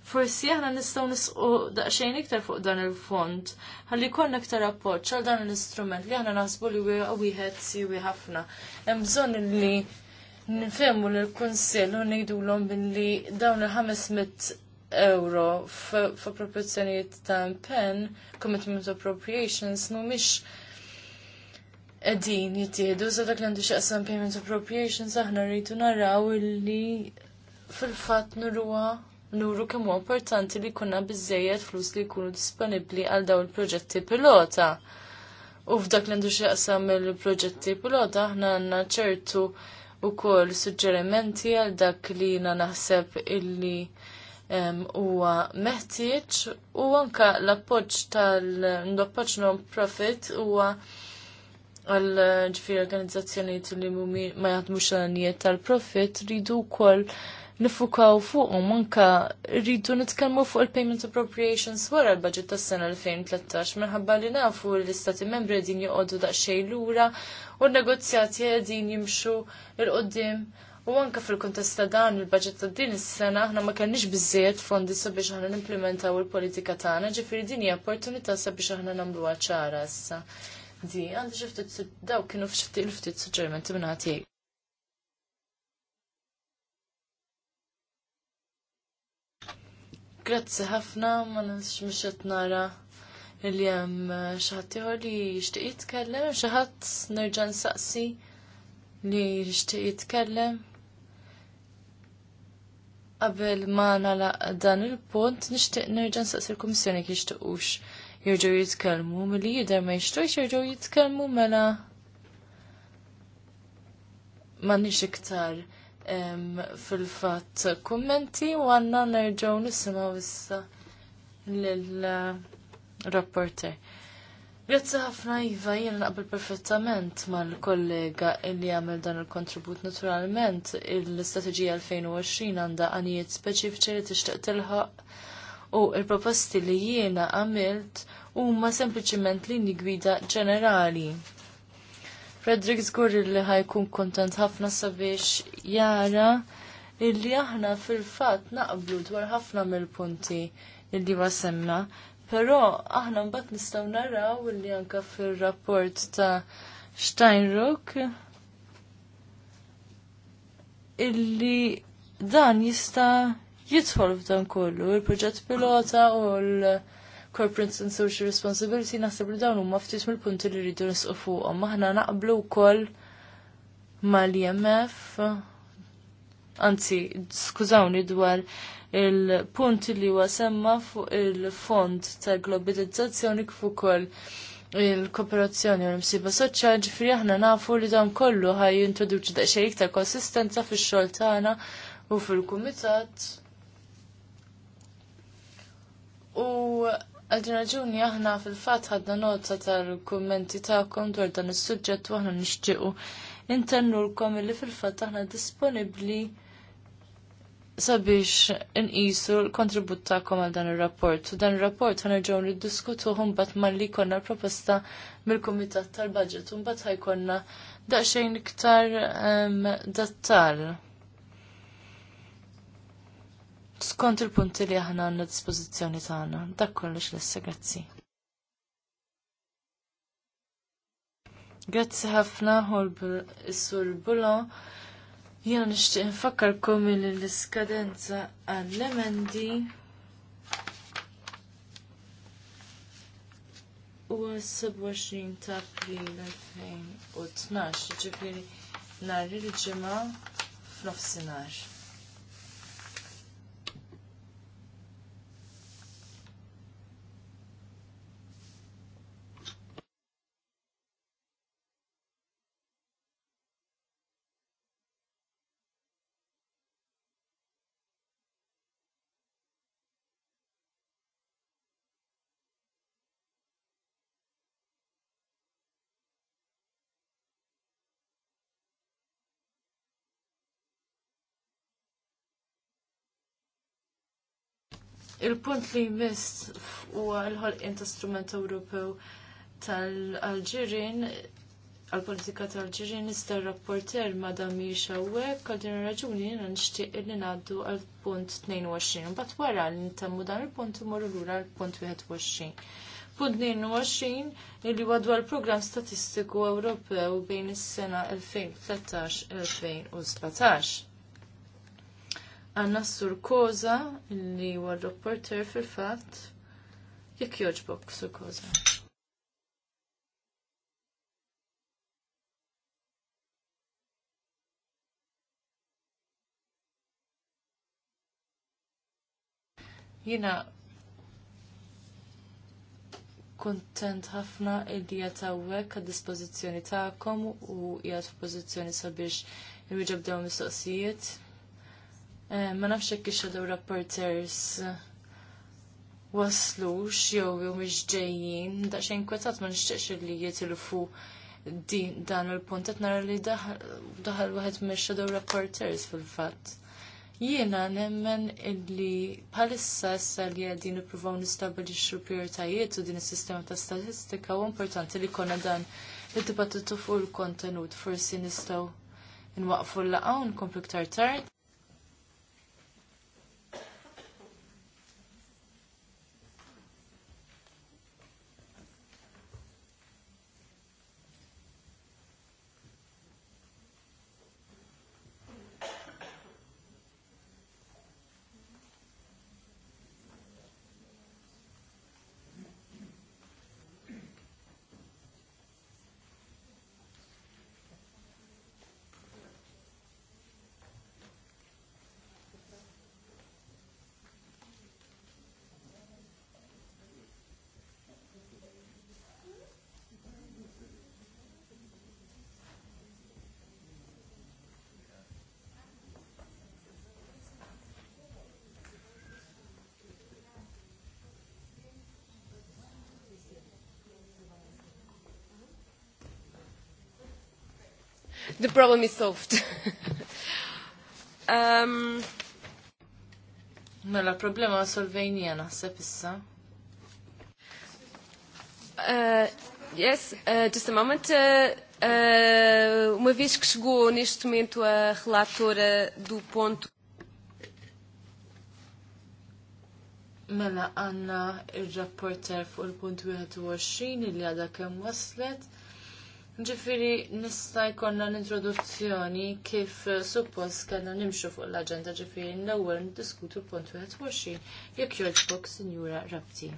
forsi aħna nistgħu nisqu daqsxejn iktar fuq dan il-fond. Ħalli jkollna iktar appoġġ għal dan l-istrument li aħna nasbu li huwa wieħed siwi ħafna. Hemm bżonn li nifhmu lill-kunsill u ngħidulhom billi dawn il-500 euro proporzjoniet ta' pen, commitment appropriations, mhumiex edin jittieħdu, sa dak l-għandu payment appropriations, aħna rritu naraw illi fil-fat nurwa nuru kemm huwa importanti li jkunna biżejjed flus li jkunu disponibbli għal dawn il-proġetti pilota. U f'dak li għandu xieqsam il-proġetti pilota aħna għanna ċertu wkoll suġġerimenti għal dak li jina naħseb illi huwa meħtieġ u anka l-appoġġ tal-appoġġ non-profit huwa għal ġifiri organizzazzjonijiet li ma jaħdmux l-għanijiet tal-profit ridu wkoll nifukaw fuqhom anke rridu nitkellmu fuq il-payment appropriations wara l-budget tas-sena 2013 minħabba li nafu l-istati membri qegħdin joqogħdu daqsxejn lura u n-negozjati qegħdin jimxu l-qudiem U anka fil kontesta ta' dan il-budget ta' din is-sena aħna ma kenniex biżżejjed fondi sabiex aħna nimplementaw il-politika tagħna, ġifieri din hija opportunità sabiex aħna nagħmluha ċara issa. Di, għandi xi ftit daw kienu ftit l ftit suġġerimenti minn Grazzi ħafna, ma nix mxet nara il jem xaħat jħor li eh, jishtiq jitkellem, xaħat nerġan saqsi li jishtiq jitkellem. Qabel ma nala dan il-punt, nishtiq nerġan saqsi l-komissjoni kiex jishtiqux jirġu jitkellmu, mill-li jider ma jishtuqx jirġu jitkellmu mela ma nix iktar fil-fatt kummenti u għanna nerġaw nisimaw issa l-rapporter. Grazzi ħafna Iva, jien naqbel perfettament mal-kollega li għamil dan il-kontribut naturalment il-strategija 2020 għanda għanijiet speċifiċi li tixtaq tilħaq u il-proposti li jiena għamilt huma sempliċement li gwida ġenerali Fredrik żgur li ħajkun kontent ħafna sabiex jara illi aħna fil-fatt naqblu dwar ħafna mill-punti illi wasemna. pero aħna mbagħad nistgħu naraw illi anke fir-rapport ta' Steinruck illi dan jista' jidħol f'dan kollu, il-proġett pilota u l- corporate and social responsibility naħseb li dawn huma ftit mill-punti li rridu nisqu fuqhom. Aħna naqblu wkoll mal-IMF, anzi, skużawni dwar il punti li huwa semma fuq il-fond ta' globalizzazzjoni kif ukoll il-kooperazzjoni u l-msiba soċjal ġifri aħna nafu li dan kollu ħaj jintroduċi daqsxejn iktar konsistenza fix-xogħol tagħna u fil-kumitat. U Għadin raġuni aħna fil-fat ħadna nota tal-kummenti ta'kom dwar dan is-suġġett u aħna nixtiequ kom illi fil-fat aħna disponibbli sabiex n-isu l-kontribut ta'kom għal dan ir-rapport. U dan ir-rapport ħanerġgħu niddiskutu mbagħad malli konna proposta mill-Kumitat tal-Baġġet u mbagħad ħajkonna daqsxejn iktar um, ehm, dattal skont il-punti li aħna għandna dispożizzjoni tagħna. Dak kollox lissa grazzi. Grazzi ħafna is-sur Bulo. Jiena nixtieq infakkarkom li l-iskadenza għall-emendi huwa 27 ta' April 2012, ġifieri nhar il-ġimgħa f'nofsinhar. Il-punt li jmiss huwa l-ħolqien ta' strument Ewropew tal-Alġirin għal-politika tal alġirin nista' rapporter madam hawnhekk għal din raġuni jiena nixtieq li ngħaddu għal punt 22. Mbagħad wara li nittammu dan il-punt imorru lura għal punt 21. Punt 22 li huwa għal programm statistiku Ewropew bejn is-sena 2013-2017 għanna sur koza li huwa reporter fil-fatt jekk joġbok sur koza. Jina kontent ħafna illi jatawek għad dispożizzjoni ta'kom u jgħat f'pożizzjoni sabiex nirġabdew mistoqsijiet Eh, ma nafx hekk ix-shadow reporters eh, waslux jew jew mhux ġejjin, daqsxejn kwetat ma nixtieqx li jitilfu din dan il-punt qed nara li daħal waħed mix-shadow reporters fil-fatt. Jiena nemmen illi bħalissa issa li qegħdin nippruvaw nistabilixxu prioritajiet u din is-sistema ta' statistika u importanti li konna dan id-dibattitu fuq il-kontenut forsi nistgħu nwaqfu l u nkomplu iktar tard. the problem is solved. um, Mela, problema solvenija naħseb issa. Uh, yes, uh, just a moment. Uh, uh, uma vez que chegou neste momento a relatora do ponto. Mela għanna il-rapporter fuq il-punt 21 li għada kem waslet Ġifiri nista jkonna l-introduzzjoni kif eh, suppost kena nimxu fuq l-agenda ġifiri n l n-diskutu punt wieħed waxin jekk jogħġbok Sinjura Rabti.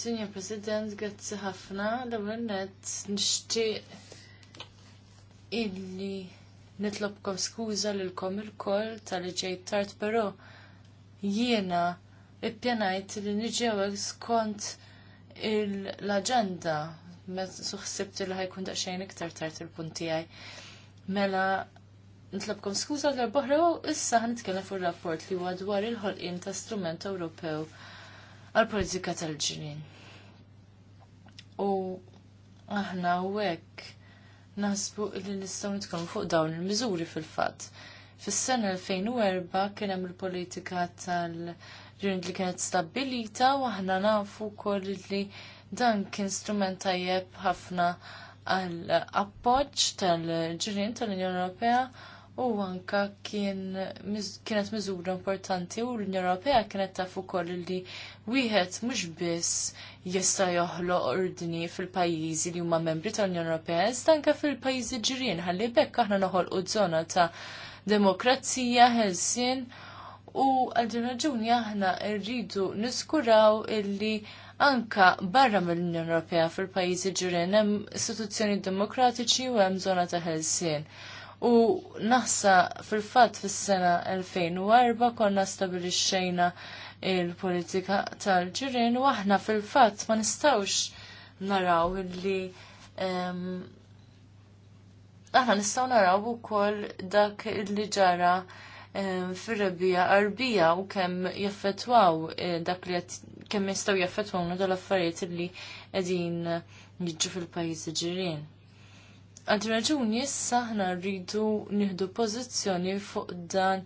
Sinjor President, grazzi ħafna l-ewwel nett nixtieq illi nitlobkom skuża lilkom il-koll tal-ġejt tard, però jiena ippjanajt li niġewek skont l-agenda ma suħsibt li ħajkun daqsxejn iktar tard il-punti għaj. Mela, nitlobkom skuża għal boħra u issa ħanitkellem fuq rapport li huwa dwar il-ħolqien ta' strument Ewropew għal politika tal-ġinin. U aħna hekk naħsbu li nistgħu nitkellmu fuq dawn il-miżuri fil-fatt. Fis-sena 2004 kien hemm il-politika tal-ġurnit li kienet stabilita, u aħna nafu wkoll li dan kien strument tajjeb ħafna għall appoġġ tal ġirien tal-Unjoni Ewropea u anka kien, kienet miżura importanti u l-Unjoni Ewropea kienet taf ukoll li wieħed mhux biss jista' joħloq ordni fil-pajjiżi li huma membri tal-Unjoni Ewropea, iżda anke fil-pajjiżi ġirien ħalli bekk aħna noħolqu żona ta' demokrazija, ħelsien u għal din raġuni aħna rridu niskuraw illi anka barra mill-Unjoni Ewropea fil-pajjiżi ġirien hemm istituzzjoni demokratiċi u hemm żona ta' ħelsien. U naħsa fil-fatt fis-sena 2004 konna stabilixxejna il-politika tal-ġirien u aħna fil-fatt ma nistawx naraw li aħna nistaw naraw ukoll dak illi ġara fil rebbija arbija u kemm jaffetwaw eh, dak li kemm jistgħu jaffettwawna dal-affarijiet li qegħdin jiġu fil-pajjiżi ġirien. Għad raġuni issa ħna rridu nieħdu pożizzjoni fuq dan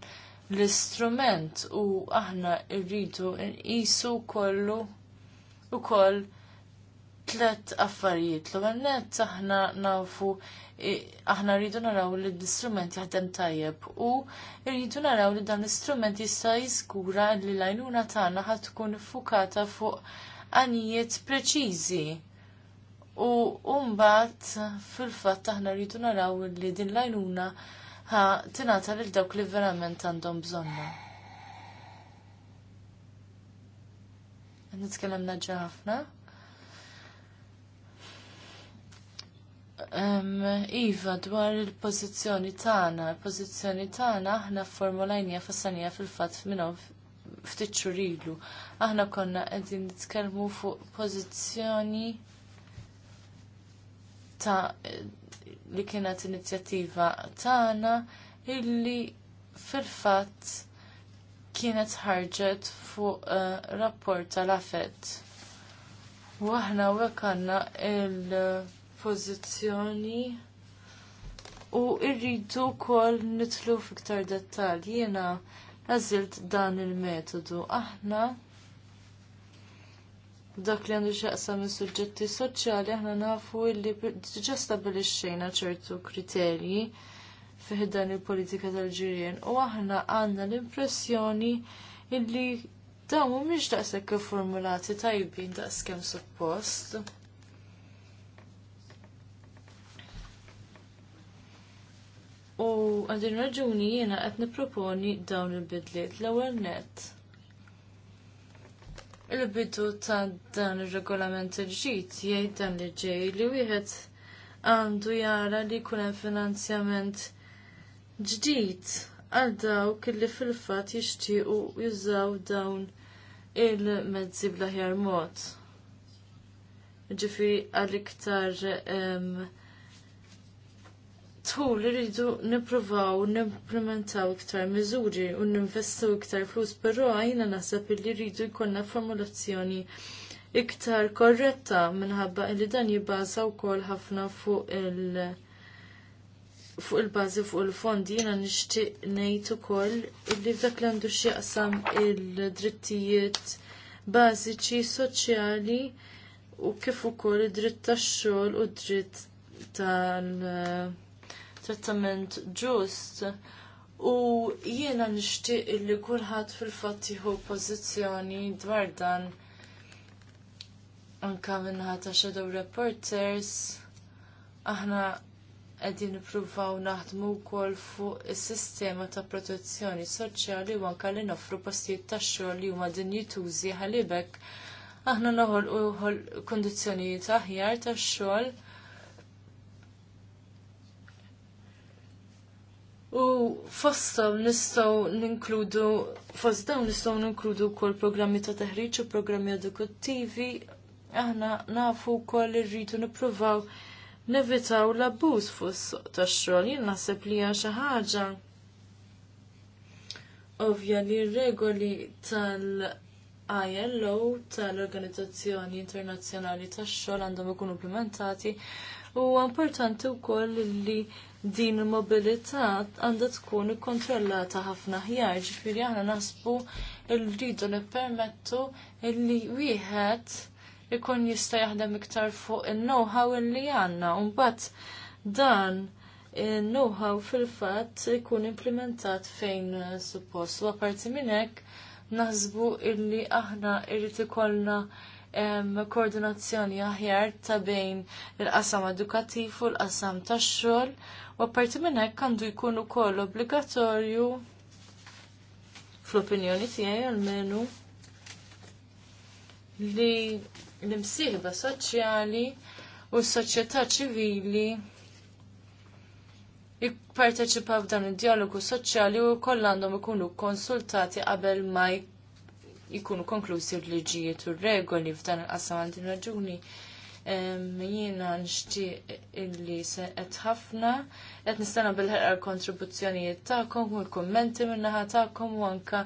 l-istrument u aħna rridu nqisu kollu u koll tlet affarijiet. L-għannet aħna nafu aħna rridu naraw li l-istrument jaħdem tajjeb u rridu naraw li dan l-istrument jista' jiskura li l-għajnuna tagħna ħad tkun fukata fuq għanijiet preċiżi. U umbat fil-fatt aħna rridu naraw li din lajnuna ħa tinata lil dawk li verament għandhom bżonna. Nitkellemna ġa ħafna. iva, dwar il-pozizjoni tagħna, il-pozizjoni tagħna aħna formulajnija fassanija fil-fatt minnhom ftit Aħna konna qegħdin nitkellmu fuq pożizzjoni ta' li kienet inizjattiva tagħna illi fil-fatt kienet ħarġet fuq uh, rapport tal-afet. U aħna hekk għandna il-pożizzjoni u rridu wkoll nitlu fiktar dettal jena għażilt dan il-metodu. Aħna dak li għandu xaqsa minn suġġetti soċjali aħna nafu li ġa stabilixxejna ċertu kriterji fiħdan il-politika tal-ġirien u aħna għandna l-impressjoni illi dawn mhumiex daqshekk formulati tajbin daqskemm suppost. U għadin raġuni jiena qed nipproponi dawn il-bidliet l-ewwel net il-bidu ta' dan ir-regolament il-ġid jgħid dan li ġej li wieħed għandu jara li jkun hemm finanzjament ġdid għal dawk li fil-fat jixtiequ jużaw dawn il-mezzi bl-aħjar mod. Ġifiri għal iktar um, tħul rridu nippruvaw nimplementaw iktar miżuri u ninvestu iktar flus, però għajna naħseb li rridu jkollna formulazzjoni iktar korretta minħabba li dan jibbaża wkoll ħafna fuq il- fuq il-bazi fuq il-fondi jiena nixtieq ngħid ukoll li dak li għandu jaqsam il-drittijiet bażiċi soċjali u kif ukoll id-dritt tax-xogħol u d-dritt tal- trattament ġust. U jiena nixtieq li kulħadd fil-fatt jieħu pożizzjoni dwar dan anka ta' shadow reporters aħna qegħdin nippruvaw naħdmu wkoll fuq is-sistema ta' protezzjoni soċjali u anke li noffru postijiet tax xogħol li huma dinjitużi ħalibek aħna noħolqu kundizzjonijiet aħjar tax xogħol U fostom nistaw ninkludu, fost dawn nistaw ninkludu kol programmi ta' taħriġ u programmi edukattivi, aħna nafu kol rridu nipruvaw nevitaw l-abbuż fuq ta' xogħol jien naħseb li hija xi ħaġa. Ovvja li regoli tal-ILO tal-Organizzazzjoni Internazzjonali tax-xogħol għandhom ikunu implementati u importanti wkoll li din il-mobilità għandha tkun ikkontrollata ħafna ħjar, ġifieri aħna naħsbu rridu nippermettu li wieħed ikun jista' jaħdem iktar fuq il-know-how li għandna. u mbagħad dan il-know-how fil-fatt ikun implementat fejn suppost. U apparti minn hekk naħsbu illi aħna irrid ikollna koordinazzjoni aħjar ta' bejn il-qasam edukattiv u l-qasam tax-xogħol U apparti minn hekk għandu jkun ukoll obbligatorju fl-opinjoni tiegħi almenu li l-imsieħba soċjali u s-soċjetà ċivili jipparteċipaw f'dan id-dialogu soċjali u koll għandhom ikunu konsultati qabel ma jkunu konklużi l-liġijiet u regoli f'dan il-qasam għal din raġuni jiena nxti illi seqet ħafna qed nista'na bil-ħerqa l-kontribuzzjonijiet tagħkom u l-kummenti min-naħa tagħkom u anke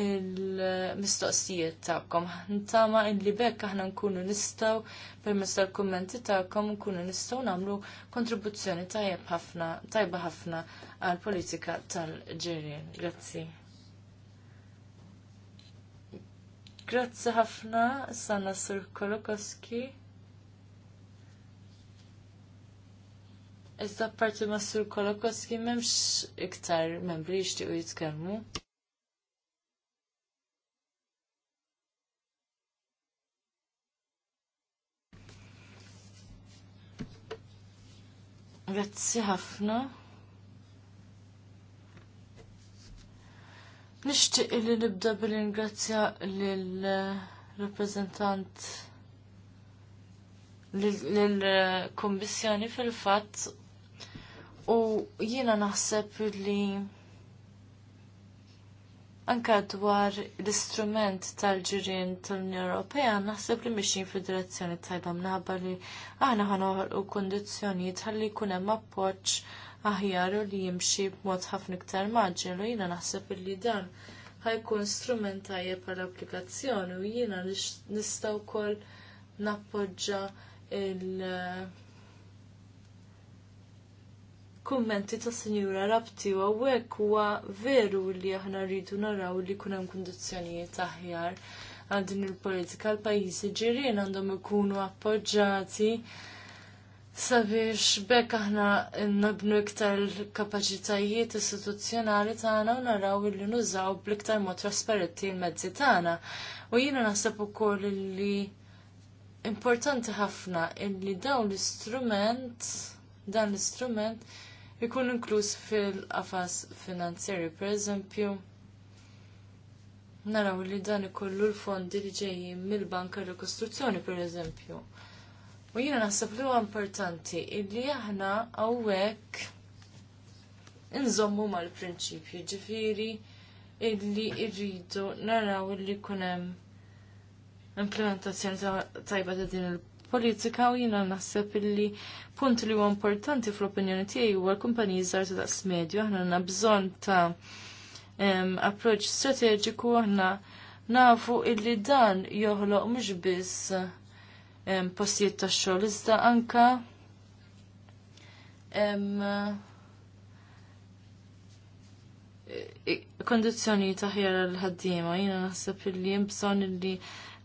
il-mistoqsijiet tagħkom. Ntama illi bekk aħna nkunu nistgħu permezz tal-kummenti tagħkom nkunu nistgħu nagħmlu kontribuzzjoni tajjeb ħafna tajba ħafna għall politika tal-ġirien. Grazzi. Grazzi ħafna, Sanna Sir Kolokoski. Iżda parti ma' Sur Kolokoski memx iktar membri jixtiequ jitkellmu. Grazzi ħafna. Nixtieq illi nibda bil-ingrazzja l-reprezentant eh, l-kommissjoni eh, fil-fatt U jiena naħseb li anka dwar l-istrument tal-ġirien tal-Unjoni Ewropea naħseb li mixin fid-direzzjoni tajba mnaħba li aħna ħanoħol u kondizzjonijiet ħalli jkun hemm appoġġ aħjar u li jimxi b'mod ħafna iktar maġġel u jiena naħseb li dan ħajkun strument tajjeb għal applikazzjoni u jiena nistgħu wkoll nappoġġa il- kummenti ta' Sinjura Rabti u għawek huwa veru li aħna rridu naraw li kun hemm kundizzjonijiet aħjar għal din il-politika l-pajjiżi ġirien għandhom ikunu appoġġati sabiex bekk aħna nabnu iktar kapaċitajiet istituzzjonali tagħna u naraw li nużaw bl-iktar mod trasparenti l-mezzi tagħna. U jiena naħseb ukoll li importanti ħafna illi dawn l-istrument dan l-istrument ikun inkluż fil-qafas finanzjeri, pereżempju. Naraw li dan ikollu l-fondi li ġejjin mill-Banka Rekostruzzjoni pereżempju. U jiena naħseb li huwa importanti illi aħna hawnhekk inżommu mal-prinċipju ġifieri illi rridu naraw li jkun hemm implementazzjoni tajba ta' din il politika u jina naħseb illi punt li huwa importanti fl-opinjoni tiegħi huwa l-kumpaniji żgħar ta' daqs medju. Aħna għandna bżonn ta' approċċ strateġiku aħna nafu illi dan joħloq mhux biss postijiet ta' xogħol iżda anka kondizzjonijiet ta' ħjar l-ħaddiema. Jina naħseb illi hemm bżonn illi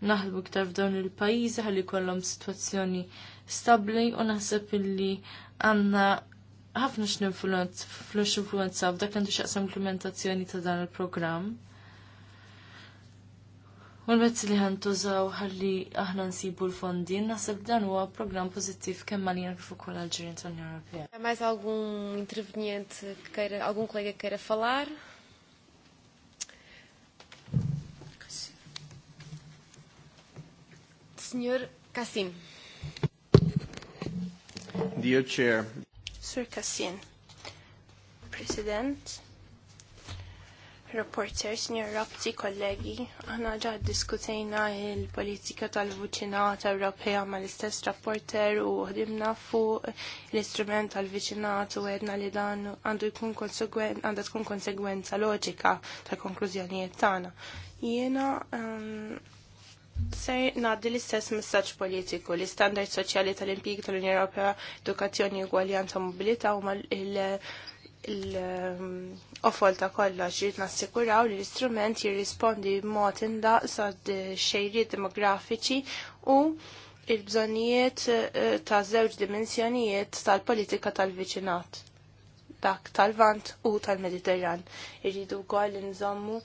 naħlbu iktar f'dawn il-pajjiżi ħalli kollhom sitwazzjoni stabbli u naħseb illi għandna ħafna x'influenz flux influenza f'dak għandu x'aqsam implementazzjoni ta' dan il-programm. U l mezz li ħantużaw ħalli aħna nsibu l-fondi, naħseb dan huwa program pożittiv kemm għalina kif ukoll għall ġirin tal-Unjoni Ewropea. Mais algum intervenjent, algum kollega queira falar? Signor Cassin. Dear Chair. Sir Kassin. President. Reporter, Signor Rapti, kollegi, għana ġa diskutejna il-politika tal-vicinat Ewropea ma l-istess rapporter u ħdimna fuq l-istrument tal-vicinat u għedna li dan għandu jkun għanda tkun konsegwenza loġika tal-konklużjonijiet tagħna. Jiena um, Se naddi l-istess messaġġ politiku li standard soċjali tal-impjigi tal-Unjoni Ewropea, edukazzjoni, ugwaljanza, mobilità huma l-offol ta' kollox jrid nassikuraw li l-istrument jirrispondi b'mod indaqs għad xejriet demografiċi u il-bżonijiet eh, ta' żewġ dimensjonijiet tal-politika tal-viċinat dak tal-vant u tal-Mediterran. Irridu wkoll nżommu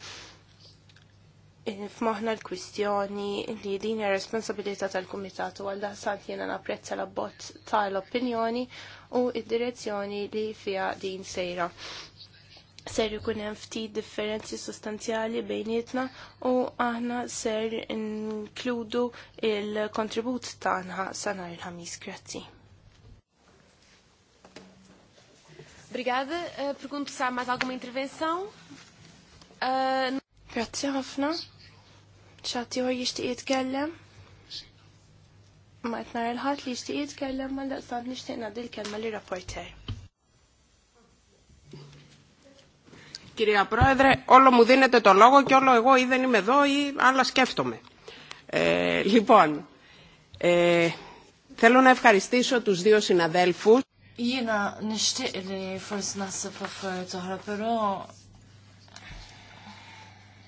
f'moħna l-kwistjoni li din ir responsabilità tal-Kumitat u għal daħsant jena napprezza l-abbozz tal-opinjoni u id-direzzjoni li fija din sejra. Ser ikun hemm ftit differenzi sostanzjali bejnietna u aħna ser inkludu il-kontribut tagħna sa il-ħamis. Grazzi. Obrigada. Uh, pergunto se há mais alguma intervenção. Uh... Eh, Grazie ħafna ċati għor jishti jitkellem? Ma jtnar il-ħat li jishti jitkellem, ma l nishti nishtiq dil kelma li rapporter. Κυρία Πρόεδρε, όλο μου δίνετε το λόγο και όλο εγώ ή δεν είμαι εδώ ή άλλα σκέφτομαι. Ε, λοιπόν, ε, θέλω να ευχαριστήσω τους δύο συναδέλφους. Jina nishtiq li forsi nasib affarijiet oħra, però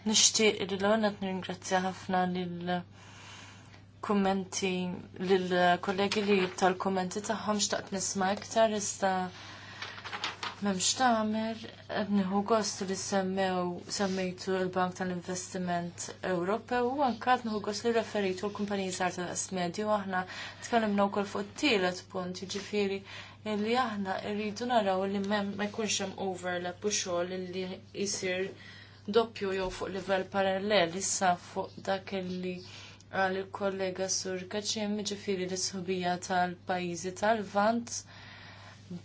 Nishtiq il l għat nirringrazzja ħafna lill-kummenti, lill-kollegi li tal-kummenti taħħom xtaqt nisma iktar, issa memx taħmer, nħu gost li semmew, semmejtu il-Bank tal-Investiment Ewropew, u għankat nħu għost li referitu l-kumpaniji sarta tal-Asmedi, u aħna tkellimna wkoll fuq it-tielet punt, jiġifieri illi aħna rridu naraw li ma jkunx hemm overlap u xogħol illi jsir doppju jew fuq livell parallel issa fuq dak li għal il-kollega Sur Kaċem ġifiri l-sħubija tal-pajizi tal-Vant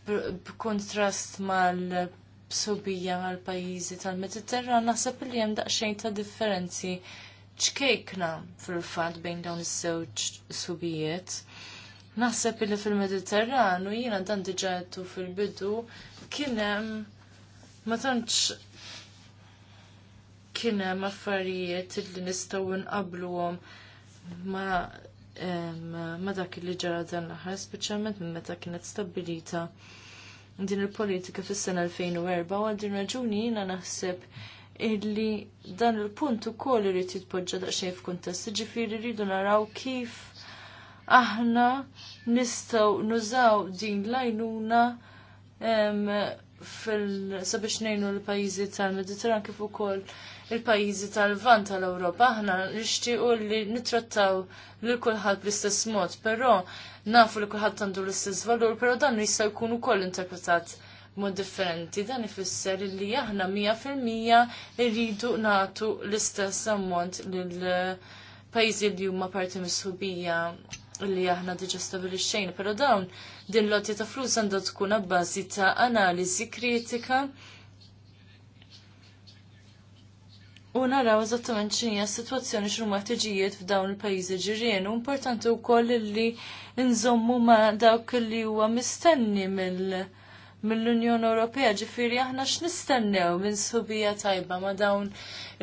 b'kontrast mal-sħubija mal-pajizi tal mediterra naħseb li hemm daqsxejn ta' differenzi ċkejkna fil-fatt bejn dawn is żewġ subijiet. Naħseb li fil-Mediterran u jiena dan diġa fil-bidu kien hemm ma tantx kien hemm affarijiet li nistgħu għom ma ma dak li ġara dan l ħar speċjalment minn meta kienet stabilita din il-politika fis-sena 2004 għal din raġuni jiena naħseb illi dan il-punt ukoll irid jitpoġġa daqsxejn f'kuntest, jiġifieri rridu naraw kif aħna nistgħu nużaw din l-għajnuna fil-sabiex ngħinu l pajjiżi tal-Mediterran kif ukoll il-pajjiżi tal-vant tal-Ewropa aħna nixtiequ li nittrattaw lil kulħadd bl-istess mod, però nafu li kulħadd għandu l-istess valur, però dan jista' jkun ukoll interpretat mod differenti. Dan ifisser li aħna 100% irridu nagħtu l-istess ammont lil pajjiżi li huma parti mis-subija li aħna diġa stabilixxejn, però dawn din l-lotti ta' flus għandha tkun abbażi ta' analiżi kritika u naraw eżattament x'inhi s-sitwazzjoni x'huma ħtiġijiet f'dawn il-pajjiżi ġirien. U importanti wkoll li nżommu ma' dawk li huwa mistenni mill-Unjoni Ewropea, ġifieri aħna x'nistennew minn subija tajba ma' dawn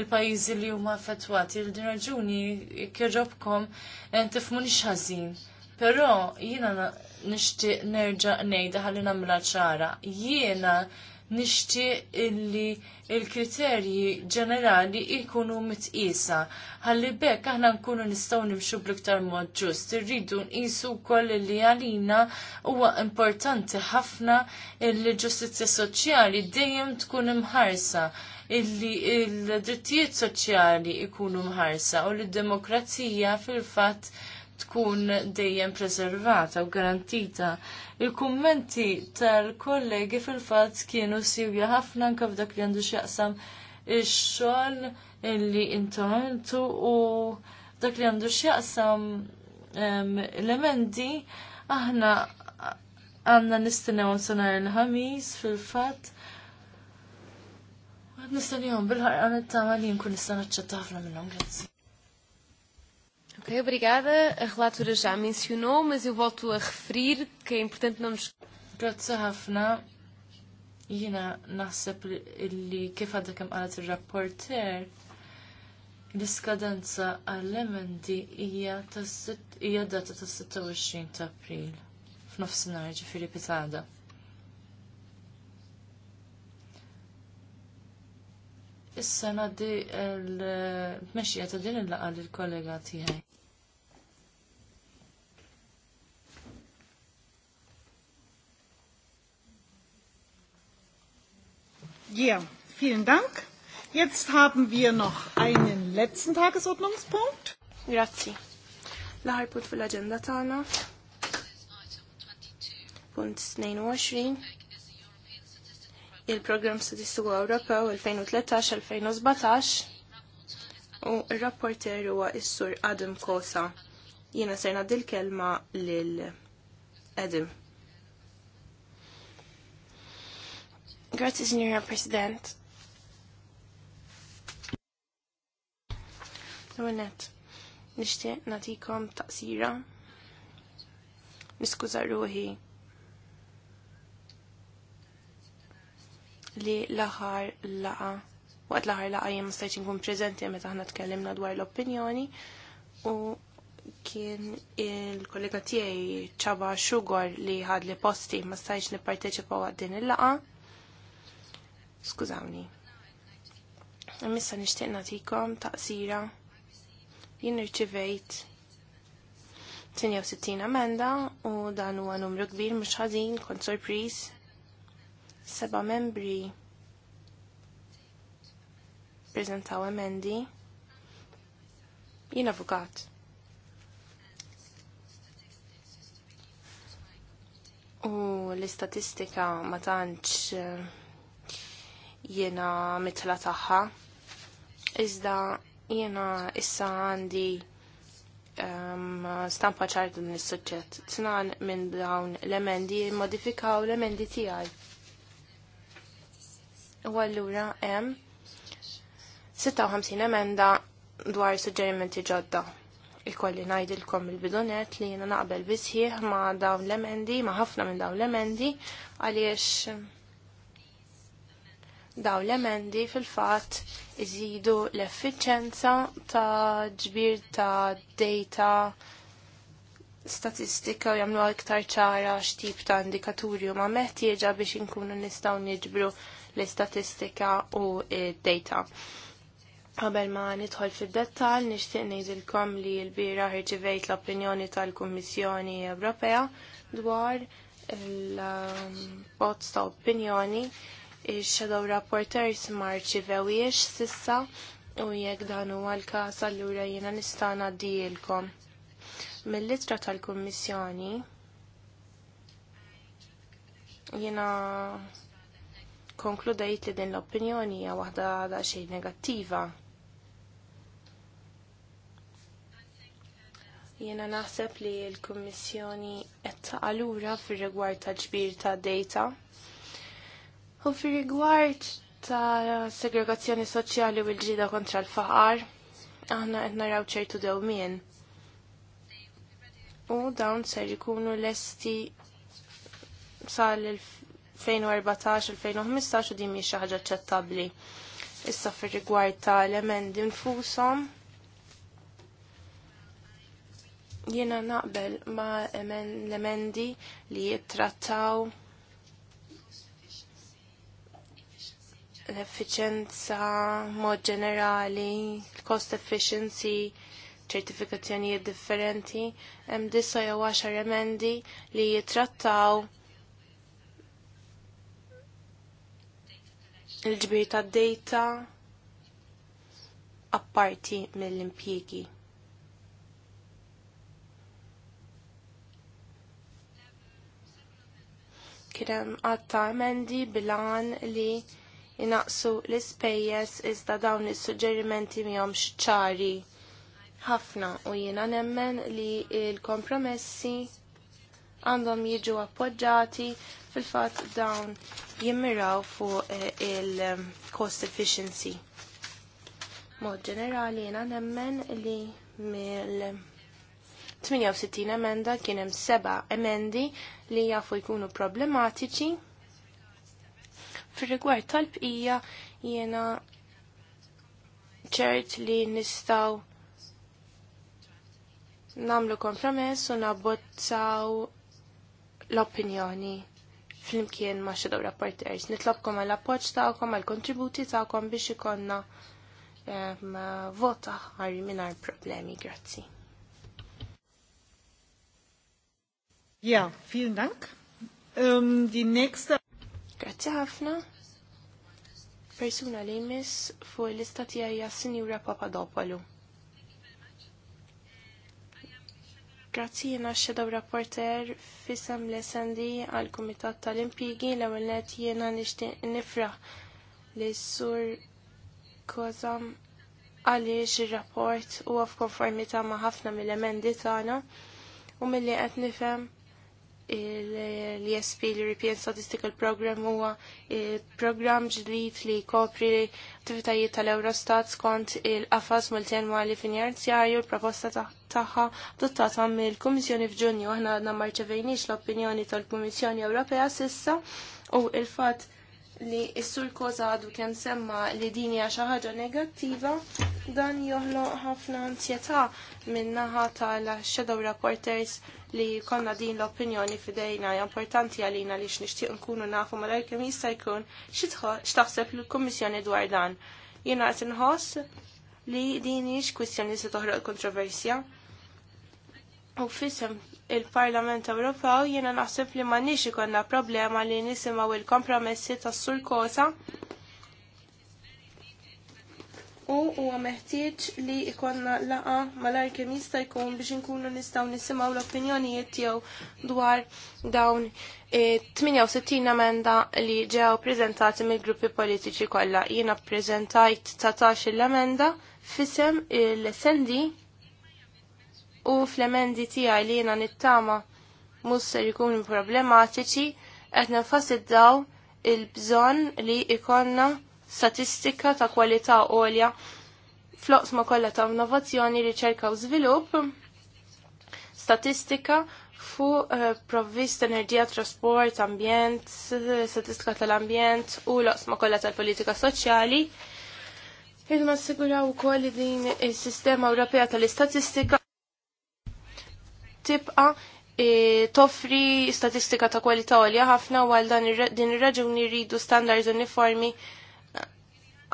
il-pajjiżi li huma affettwati. Il din raġuni kieġobkom eh, tifmu nix ħażin. Però jiena nixtieq nerġa' ngħidha ħalli nagħmilha ċara. Jiena nixtieq illi il-kriterji ġenerali jkunu mitqiesa. Ħalli bekk aħna nkunu nistgħu nimxu bl-iktar mod ġust. Irridu nqisu wkoll li għalina huwa importanti ħafna il-ġustizzja soċjali dejjem tkun imħarsa illi il-drittijiet soċjali ikunu mħarsa u l-demokrazija fil-fatt tkun dejjem preservata u garantita. Il-kummenti tal-kollegi fil-fatt kienu siwja ħafna nkaf dak li għandu x'jaqsam ix-xogħol illi intomentu u dak li għandu x'jaqsam l-emendi aħna għanna nistennew sonar il-ħamis fil-fatt Nistenjom bil-ħarqa nittama li nkun nistan ċetta ħafna minnhom grazzi. Ok, obrigada. A relatora já mencionou, mas eu volto a referir que é importante não nos. Grazzi ħafna. Jina naħseb li kif għadda kem għalet il-rapporter, l-iskadenza għall-emendi hija data ta' 26 ta' april, f'nofsinhar ġifieri pitada. Issa ngħaddi l-mexxija ta' din il-laqgħa lill-kollega tiegħi. Ja, vielen Dank. Jetzt haben wir noch einen letzten Tagesordnungspunkt. Grazie. L-ħar punt fil-agenda tagħna. Punt 22. Il-programm statistiku Ewropew 2013-2017 u r-rapporter huwa is-sur Adam Kosa. Jiena ser ngħaddi kelma lil Adam. Grazzi, Signora President. Għunet, nishtiq natikom taqsira. Niskuza ruhi. li laħar laqa. Waqt laħar laqa jem stajċin kun prezenti jem taħna tkellimna dwar l-opinjoni u kien il-kollega tiegħi ċaba xugor li ħad li posti ma stajċ nipparteċipaw waqt din il-laqa Skużawni. Missa nixtieq nagħtikom taqsira. Jien rċivejt 68 amenda u dan huwa numru kbir mhux ħażin kont sorpriż. Seba' membri preżentaw emendi. Jien avukat. U l-istatistika ma tantx eh, jiena mitla tagħha. Iżda jiena issa għandi um, stampa ċarta din is-suġġett. Tnan minn dawn l-emendi modifikaw l-emendi tiegħi. U allura hemm 56 emenda dwar suġġerimenti ġodda. Ikolli ngħidilkom il-bidunet li jiena naqbel bisħieħ ma' dawn l-emendi, ma' ħafna minn dawn l-emendi għaliex daw l-emendi fil-fat iżidu l-effiċenza ta' ġbir ta' data statistika u jamlu iktar ċara x'tip ta' indikaturi u ma' meħtieġa biex inkunu nistaw niġbru l-istatistika u data. Qabel ma nidħol fid-dettal, nixtieq ngħidilkom li l-bira ħirġivejt l-opinjoni tal-Kummissjoni Ewropea dwar l-bozz um, ta' opinjoni il-shadow rapporters vewiex sissa u jekk dan huwa l-każ allura jiena nista' ngħaddilkom. Mill-litra tal-Kummissjoni jiena konkludajt li din l-opinjoni hija waħda xej negattiva. Jena naħseb li l-Kummissjoni qed taqalura fir-rigward tal-ġbir ta' data U fi rigward ta' segregazzjoni soċjali u l-ġida kontra l-faqar, aħna qed naraw ċertu dewmien. U dawn ser ikunu lesti sal-2014-2015 u din mhix xi ħaġa aċċettabbli. Issa fir rigward ta' emendi nfushom jiena naqbel ma' l-emendi li jittrattaw l-efficienza mod ġenerali, cost efficiency, ċertifikazzjonijiet differenti, hemm disa jew għaxar emendi li jitrattaw il-ġbir ta' data apparti mill-impjiegi. Kien hemm għatta emendi bilan li inaqsu l-ispejjeż iżda dawn is-suġġerimenti mihomx ċari ħafna u jiena nemmen li l-kompromessi għandhom jiġu appoġġati fil-fatt dawn jimmiraw fuq eh, il-cost efficiency. Mod ġenerali jiena nemmen li mill 68 emenda kien hemm seba' emendi li jafu jkunu problematiċi Fir-rigward tal-bqija jiena ċert li nistaw namlu kompromess u nabbozzaw l-opinjoni fl-imkien ma' xedaw rapporters. Nitlobkom għal appoġġ tagħkom għal kontributi tagħkom biex ikonna vota ħarri mingħajr problemi. Grazzi. Ja, vielen Dank. Um, die nächste Grazzi ħafna. Persuna li jmiss fuq l-lista tiegħi Sinjura Papadopoulou. Grazzi jena xedaw rapporter fissam l-SND għal Komitat tal-Impigi l għamilnet jena nishti nifra li sur kozam għaliex il-rapport u għaf konformita ma ħafna mill-emendi tagħna u mill-li qed nifhem l-ESP, l-European Statistical Program, huwa program ġdid li kopri attivitajiet tal-Eurostat skont il-qafas multianwali finanzjarju l-proposta tagħha adottata mill-Kummissjoni f'Ġunju. Aħna għadna marċevejniex l-opinjoni tal-Kummissjoni Ewropea sissa u il-fatt li s-sur koza għadu kien semma li din hija xi ħaġa negattiva, dan joħloq ħafna ansjetà minn naħa tal-shadow reporters li konna din l-opinjoni fidejna importanti għalina li x'nixtieq nkunu nafu malajr kemm jista' jkun x'taħseb l-Kummissjoni dwar dan. Jena għat inħoss li din hix kwistjoni se toħroq kontroversja. U fissem il-Parlament Ewropew jiena naħseb li m'għandniex ikonna problema li nisimgħu il-kompromessi tas-sur kosa. U huwa meħtieġ li ikonna laqa malar kemm jista' jkun biex inkunu nistgħu nisimgħu l-opinjonijiet tiegħu dwar dawn 68 emenda li ġew preżentati mill-gruppi politiċi kollha. Jiena ppreżentajt 19 l-emenda fisem il-SND u fl-emendi tiegħi li jena nittama musser ser jkunu problematiċi qed daw il-bżonn li ikonna statistika ta' kwalità għolja floqsma kollha ta' innovazzjoni, riċerka u żvilupp, statistika fu uh, provvist enerġija, trasport, ambjent, statistika tal-ambjent u ma kolla tal-politika soċjali. Irma u ukoll din is-sistema Ewropea tal-istatistika tibqa e, toffri statistika ta' kwalità għolja ħafna u għal din ir-raġuni rridu standards uniformi eh,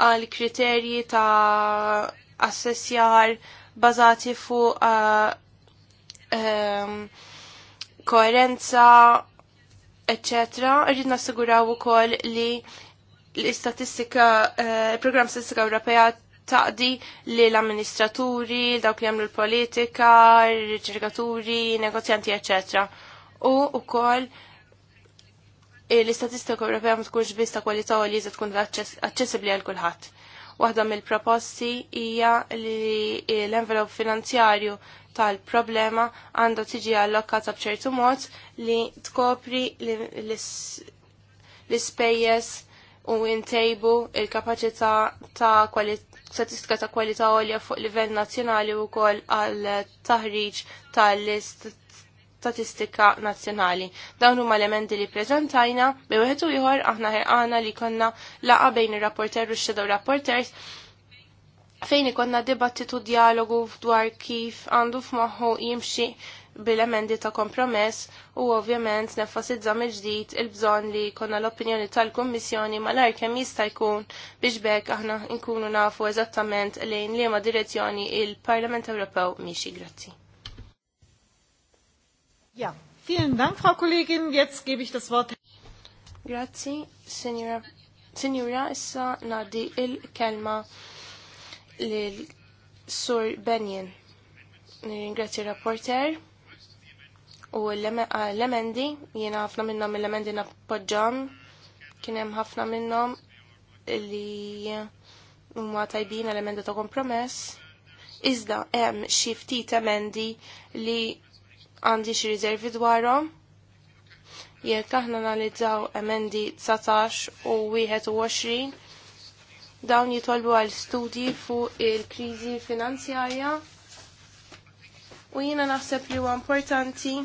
għal kriterji ta' assessjar bazati fuq eh, ehm, koerenza, eccetera. Rrid nassiguraw ukoll li l-istatistika, eh, il-programm statistika Ewropea taqdi li l-amministraturi, dawk li għamlu l-politika, riċerkaturi, negozjanti, ecc. U ukoll eh, l-istatistika Ewropea ma tkunx biss ta' kwalità u li jiżda tkun aċċessibbli għal kulħadd. Waħda mill-proposti hija li l-envelop finanzjarju tal-problema għandha tiġi allokata b'ċertu mod li tkopri l-ispejjeż u ntejbu il-kapaċità ta' kwalità statistika ta' kwalità għolja fuq livell nazzjonali u kol għal taħriġ tal-statistika nazzjonali. Dawn huma l elementi li preżentajna bi wieħed u ieħor aħna ħerqana li konna laqa bejn ir-rapporter u x-shadow rapporters fejn ikonna dibattitu dialogu dwar kif għandu f'moħħu jimxi bil-emendi ta' kompromess u ovvjament nefasizza mill-ġdid il-bżon li konna l-opinjoni tal-Kommissjoni ma ar kemm jista' jkun biex bekk aħna nkunu nafu eżattament lejn liema direzzjoni il-Parlament Ewropew miexi grazzi. Ja, vielen Dank, Frau Kollegin. Jetzt gebe ich das Wort. Grazzi, Signora. Signora, issa nadi il-kelma lil Sur Benjen. Nirringrazzja il-rapporter u ah, l-emendi, jiena ħafna minnom l-emendi nappoġġom, kien hemm ħafna minnhom li huma tajbin l-emendi ta' kompromess. Iżda hemm xi ftit emendi li għandi xi riservi dwarhom. Jekk aħna analizzaw emendi 19 u 21 dawn jitolbu għal studji fuq il-kriżi finanzjarja u jiena naħseb li huwa importanti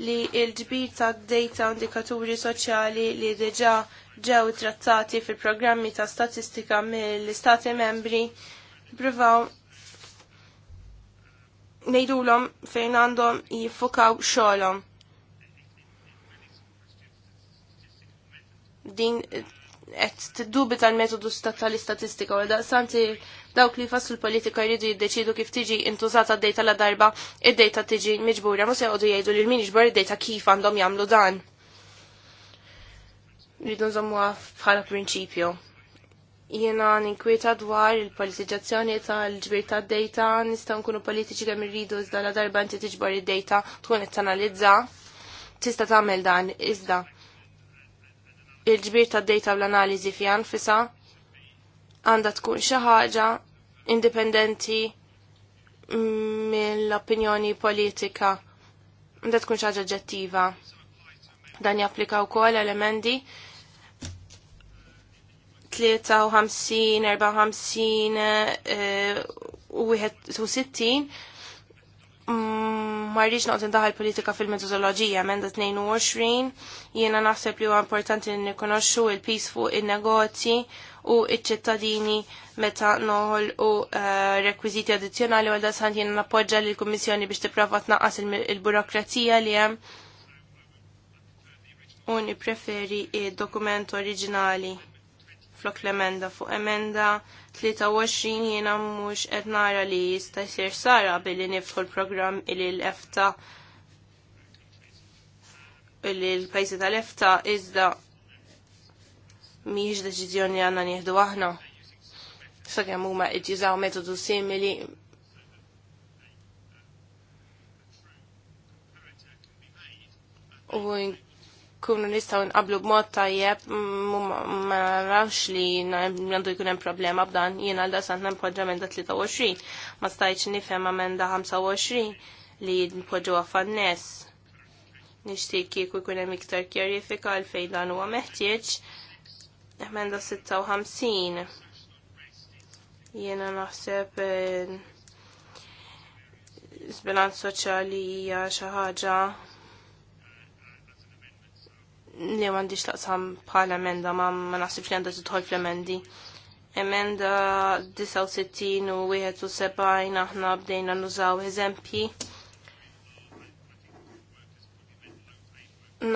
li il-ġbir ta' data indikaturi soċjali li deġa ġew trattati fil-programmi ta' statistika mill-istati membri pruvaw nejdulom fejn għandhom jiffukaw xolom. Din qed tiddubita tal-metodu tal-istatistika u daqsanti Dawk li fassu l-politika jridu jiddeċidu kif tiġi intużata d-dejta la darba id-dejta tiġi miġbura, ma se jgħodu jgħidu li l min iġbor id-dejta kif għandhom jagħmlu dan. Rridu nżommu bħala prinċipju. Jiena ninkwieta dwar il politizzazzjoni tal-ġbir ta' dejta nistgħu nkunu politiċi kemm rridu iżda la darba inti tiġbor id-dejta tkun qed tanalizza. Tista' tagħmel dan iżda il-ġbir ta' dejta bl-analiżi fija nfisha għandha tkun xi ħaġa indipendenti mill-opinjoni politika għanda tkun xi ħaġa oġġettiva. Dan japplika wkoll elementi 53, 54 u eh, mm, Ma marriċ naqt indaħħal politika fil-metodologija menda 22 jiena naħseb li huwa importanti li nikonoxxu il-peace fuq in-negozji il u iċ-ċittadini meta noħol u eh, rekwiziti addizzjonali għal dasant jena nappoġġa li l-Kummissjoni biex tipprova tnaqqas il-burokrazija li hemm u nippreferi il dokument oriġinali flok l-emenda fuq emenda 23 jena mhux qed nara li jista' jsir sara billi nifħu l-programm illi l-EFTA l-pajsi tal-EFTA iżda miex deċiżjoni għanna nieħdu aħna. Sakemm huma qed metodu simili u kunu nistaw nqablu b'mod tajjeb ma nafx li għandu jkun hemm problema b'dan jien għal dasant nempoġġa minn 23 ma stajtx nifhem amenda 25 li npoġġuha fan-nes. Nixtieq kieku jkun hemm iktar kjerifika għalfejn dan huwa meħtieġ Emenda 56. Jena naħseb eh, zbilanz soċjali hija xi ħaġa li m'għandix taqsam bħala emenda ma ma naħsibx li għandha tidħol fl-emendi. Emenda 69 u 71 aħna bdejna nużaw eżempji.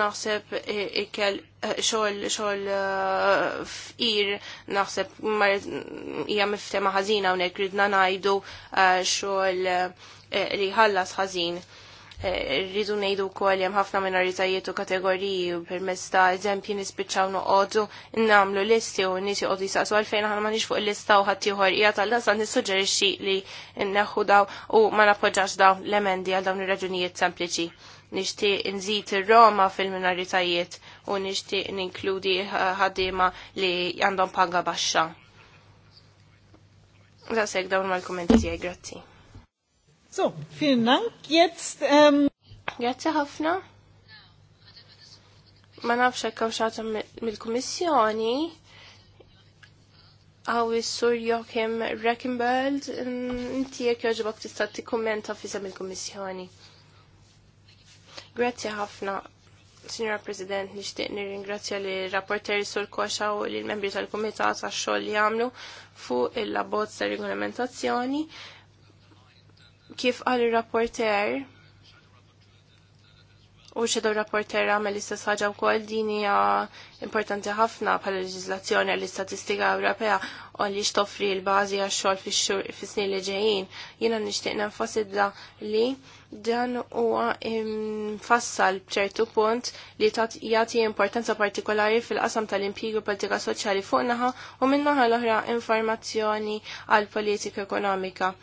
Naħseb eh, ikel xogħol xogħol eh, fqir naħseb hija miftema ħażina hawnhekk ridna ngħidu eh, xogħol eh, li ħallas ħażin. Rridu ngħidu wkoll hemm ħafna minoritajiet u kategoriji permezz ta' eżempji nispiċċaw noqogħdu nagħmlu listi u nies joqogħdu jisaqsu għalfejn aħna m'għandix fuq il-lista u ħadd ieħor hija tal-lasa nissuġġerixxi li nneħħu daw u ma nappoġġax dawn l-emendi għal dawn ir-raġunijiet sempliċi. Nixtieq inżid ir-Roma fil-minoritajiet u nixtieq ninkludi ħadima li għandhom paga baxxa. Dasek dawn mal-kommenti tiegħi, grazzi. So, vielen Dank. Jetzt ähm Grazzi ħafna. Ma nafx hekk hawn xagħta mill-Kummissjoni għaw is-sur Joachim Reckenbeld, inti jekk jogħġbok tista' tikkummenta fi il-Kummissjoni. Grazzi ħafna, Signora President, nixtieq nirringrazzja li rapporteri sul koxa u li l-membri tal komitat għax xogħol li għamlu fuq il labot ta' regolamentazzjoni. Kif għal ir-rapporter, u xedaw rapporter għamel l-istess ħaġa wkoll din hija importanti ħafna bħala leġiżlazzjoni għall istatistika Ewropea u li xtoffri l-bażi għax-xogħol fis-snin li ġejjin. Jiena nixtieq nenfasizza li dan huwa mfassal b'ċertu punt li jagħti importanza partikolari fil-qasam tal-impjiegu politika soċjali fuq naħa u minnaħa l-oħra informazzjoni għal politika ekonomika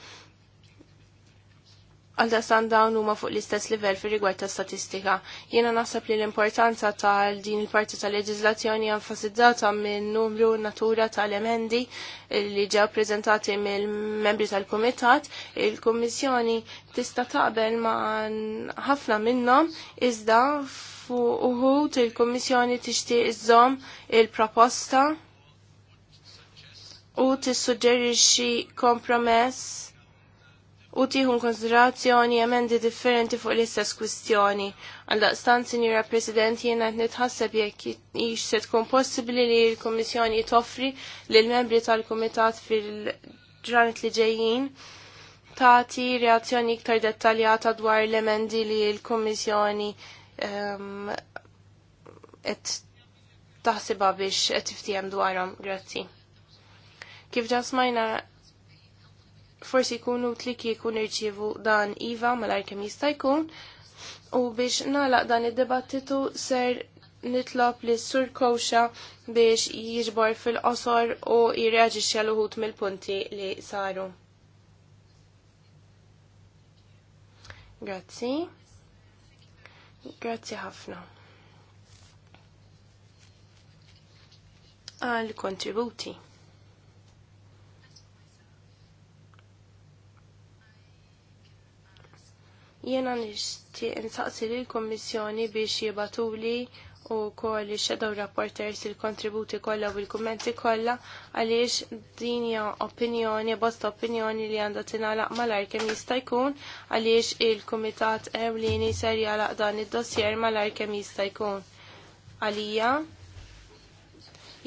għalda san dawn huma fuq l-istess livell fir rigward ta' statistika. Jiena naħseb li l-importanza tal din il-parti tal-leġiżlazzjoni enfasizzata minn numru natura tal-emendi li ġew preżentati mill-membri tal-kumitat, il-Kummissjoni tista' taqbel ma' ħafna minnhom iżda fuq uħud il-Kummissjoni tixtieq iżżomm il-proposta u tissuġġerixxi kompromess u tieħu konsiderazzjoni emendi differenti fuq l-istess kwistjoni. Għal-daqstan, Sinjura President, jiena qed nitħasseb jekk hix se tkun possibbli li l-Kummissjoni toffri l membri tal-Kumitat fil-ġranet li ġejjin Tati reazzjoni iktar dettaljata dwar l-emendi li l komissjoni ehm, qed taħsiba biex qed tiftijem dwarhom. Grazzi. Kif ġasmajna forsi jkunu tli kieku irċivu dan Iva mal-ar kem jista' jkun u biex nalaq dan id debattitu ser nitlob li sur kowxa biex jiġbor fil-qosor u jirreġiċi għal uħut mill-punti li saru. Grazzi. Grazzi ħafna. Għal kontributi. Jena nishti nsaqsi li l-Kommissjoni biex jibatuli u koll shadow rapporters il-kontributi kolla u il-kommenti kolla għaliex dinja opinjoni, bosta opinjoni li għanda tinalaq malar kem jista' jkun għaliex il-komitat ewlieni ser jalaq dan id-dossier malar kem jista' jkun. Għalija,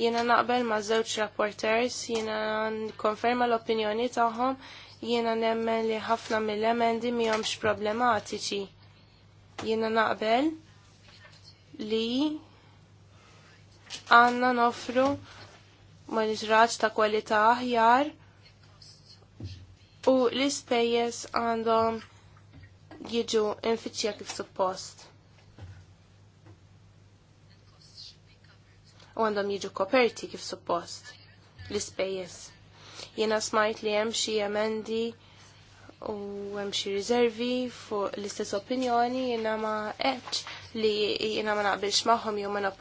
jena naqbel ma' żewġ rapporters, jena konferma l-opinjoni tagħhom jiena nemmen li ħafna mill-emendi miħomx problematiċi. Jiena naqbel li għanna nofru monitoraġġ ta' kwalità aħjar u l-ispejjeż għandhom jiġu infittxija kif suppost. U għandhom jiġu koperti kif suppost l-ispejjeż. Jena smajt li hemm xi emendi u hemm xi riservi fuq l-istess opinjoni jiena ma eċ li jiena ma naqbilx magħhom jew ma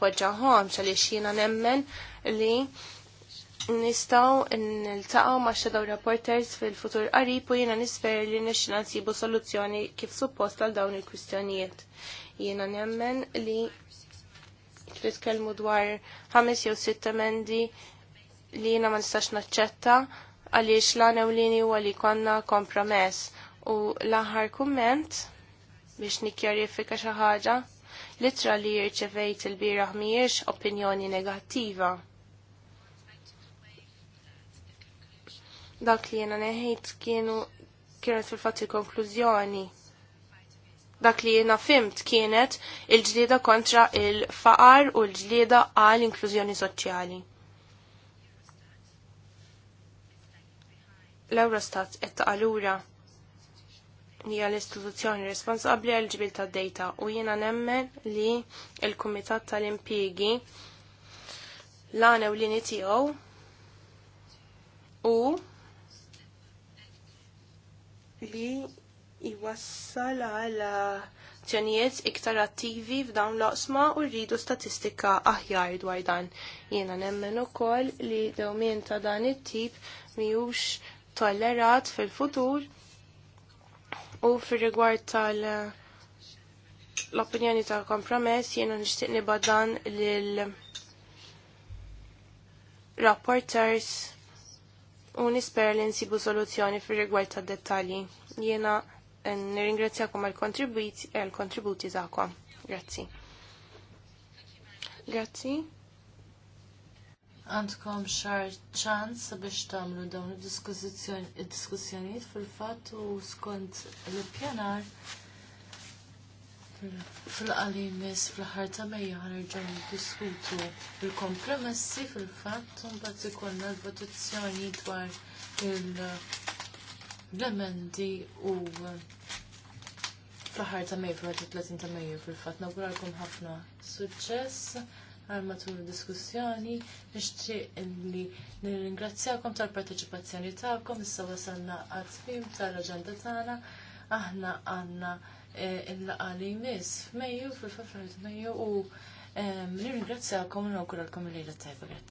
xa li jiena nemmen li nistaw niltaqgħu ma' shadow reporters fil-futur qarib u jiena nisper li nisċina nsibu soluzzjoni kif suppost għal dawn il-kwistjonijiet. Jiena nemmen li titkellmu dwar ħames jew sitt emendi li jina ma nistax naċċetta għaliex l newlini u lini għalli konna kompromess. U l-aħħar kumment biex nikjarifika xi ħaġa, litra li jirċevejt il bieraħ mhijiex opinjoni negattiva. Dak li jena neħejt kienu kienet fil-fatt il-konklużjoni. Dak li jena fimt kienet il-ġlieda kontra il-faqar u l-ġlieda għal inklużjoni soċjali. l-Eurostat qed taqalura hija l-istituzzjoni responsabbli għal ġbil tad data u jiena nemmen li l-Kumitat tal impigi l-għana u l tiegħu u li jwassal għal azzjonijiet iktar attivi f'dawn l-oqsma u rridu statistika aħjar dwar dan. Jiena nemmen ukoll li dewmien ta' dan it-tip miux tollerat fil-futur u fil-rigward tal- l-opinjoni tal-kompromess jiena nixtieq nibadan lil rapporters u nisper li nsibu soluzzjoni fil-rigward tad-dettalji. Jiena nirringrazzjakom għal-kontributi għal-kontributi tagħkom. Grazzi. Grazzi għandkom xar ċans biex tagħmlu dawn id diskussjonijiet fil fatt u skont l-pjanar fil-qalimis fil ħar ta' mejja ħanerġaw diskutu il-kompromessi fil fatt un bazzi konna l-votazzjoni dwar il-emendi u fl-ħar ta' meja fil-30 ta' meja fil fatt nagurarkom ħafna suċċess għal matul diskussjoni nixtieq li nirringrazzjakom tal-parteċipazzjoni tagħkom issa wasalna għad tmiem tal-aġenda tagħna aħna għandna eh, il laqali mis jmiss f'Mejju fil-fafra Mejju u eh, nirringrazzjakom l nawguralkom il-lejla tajba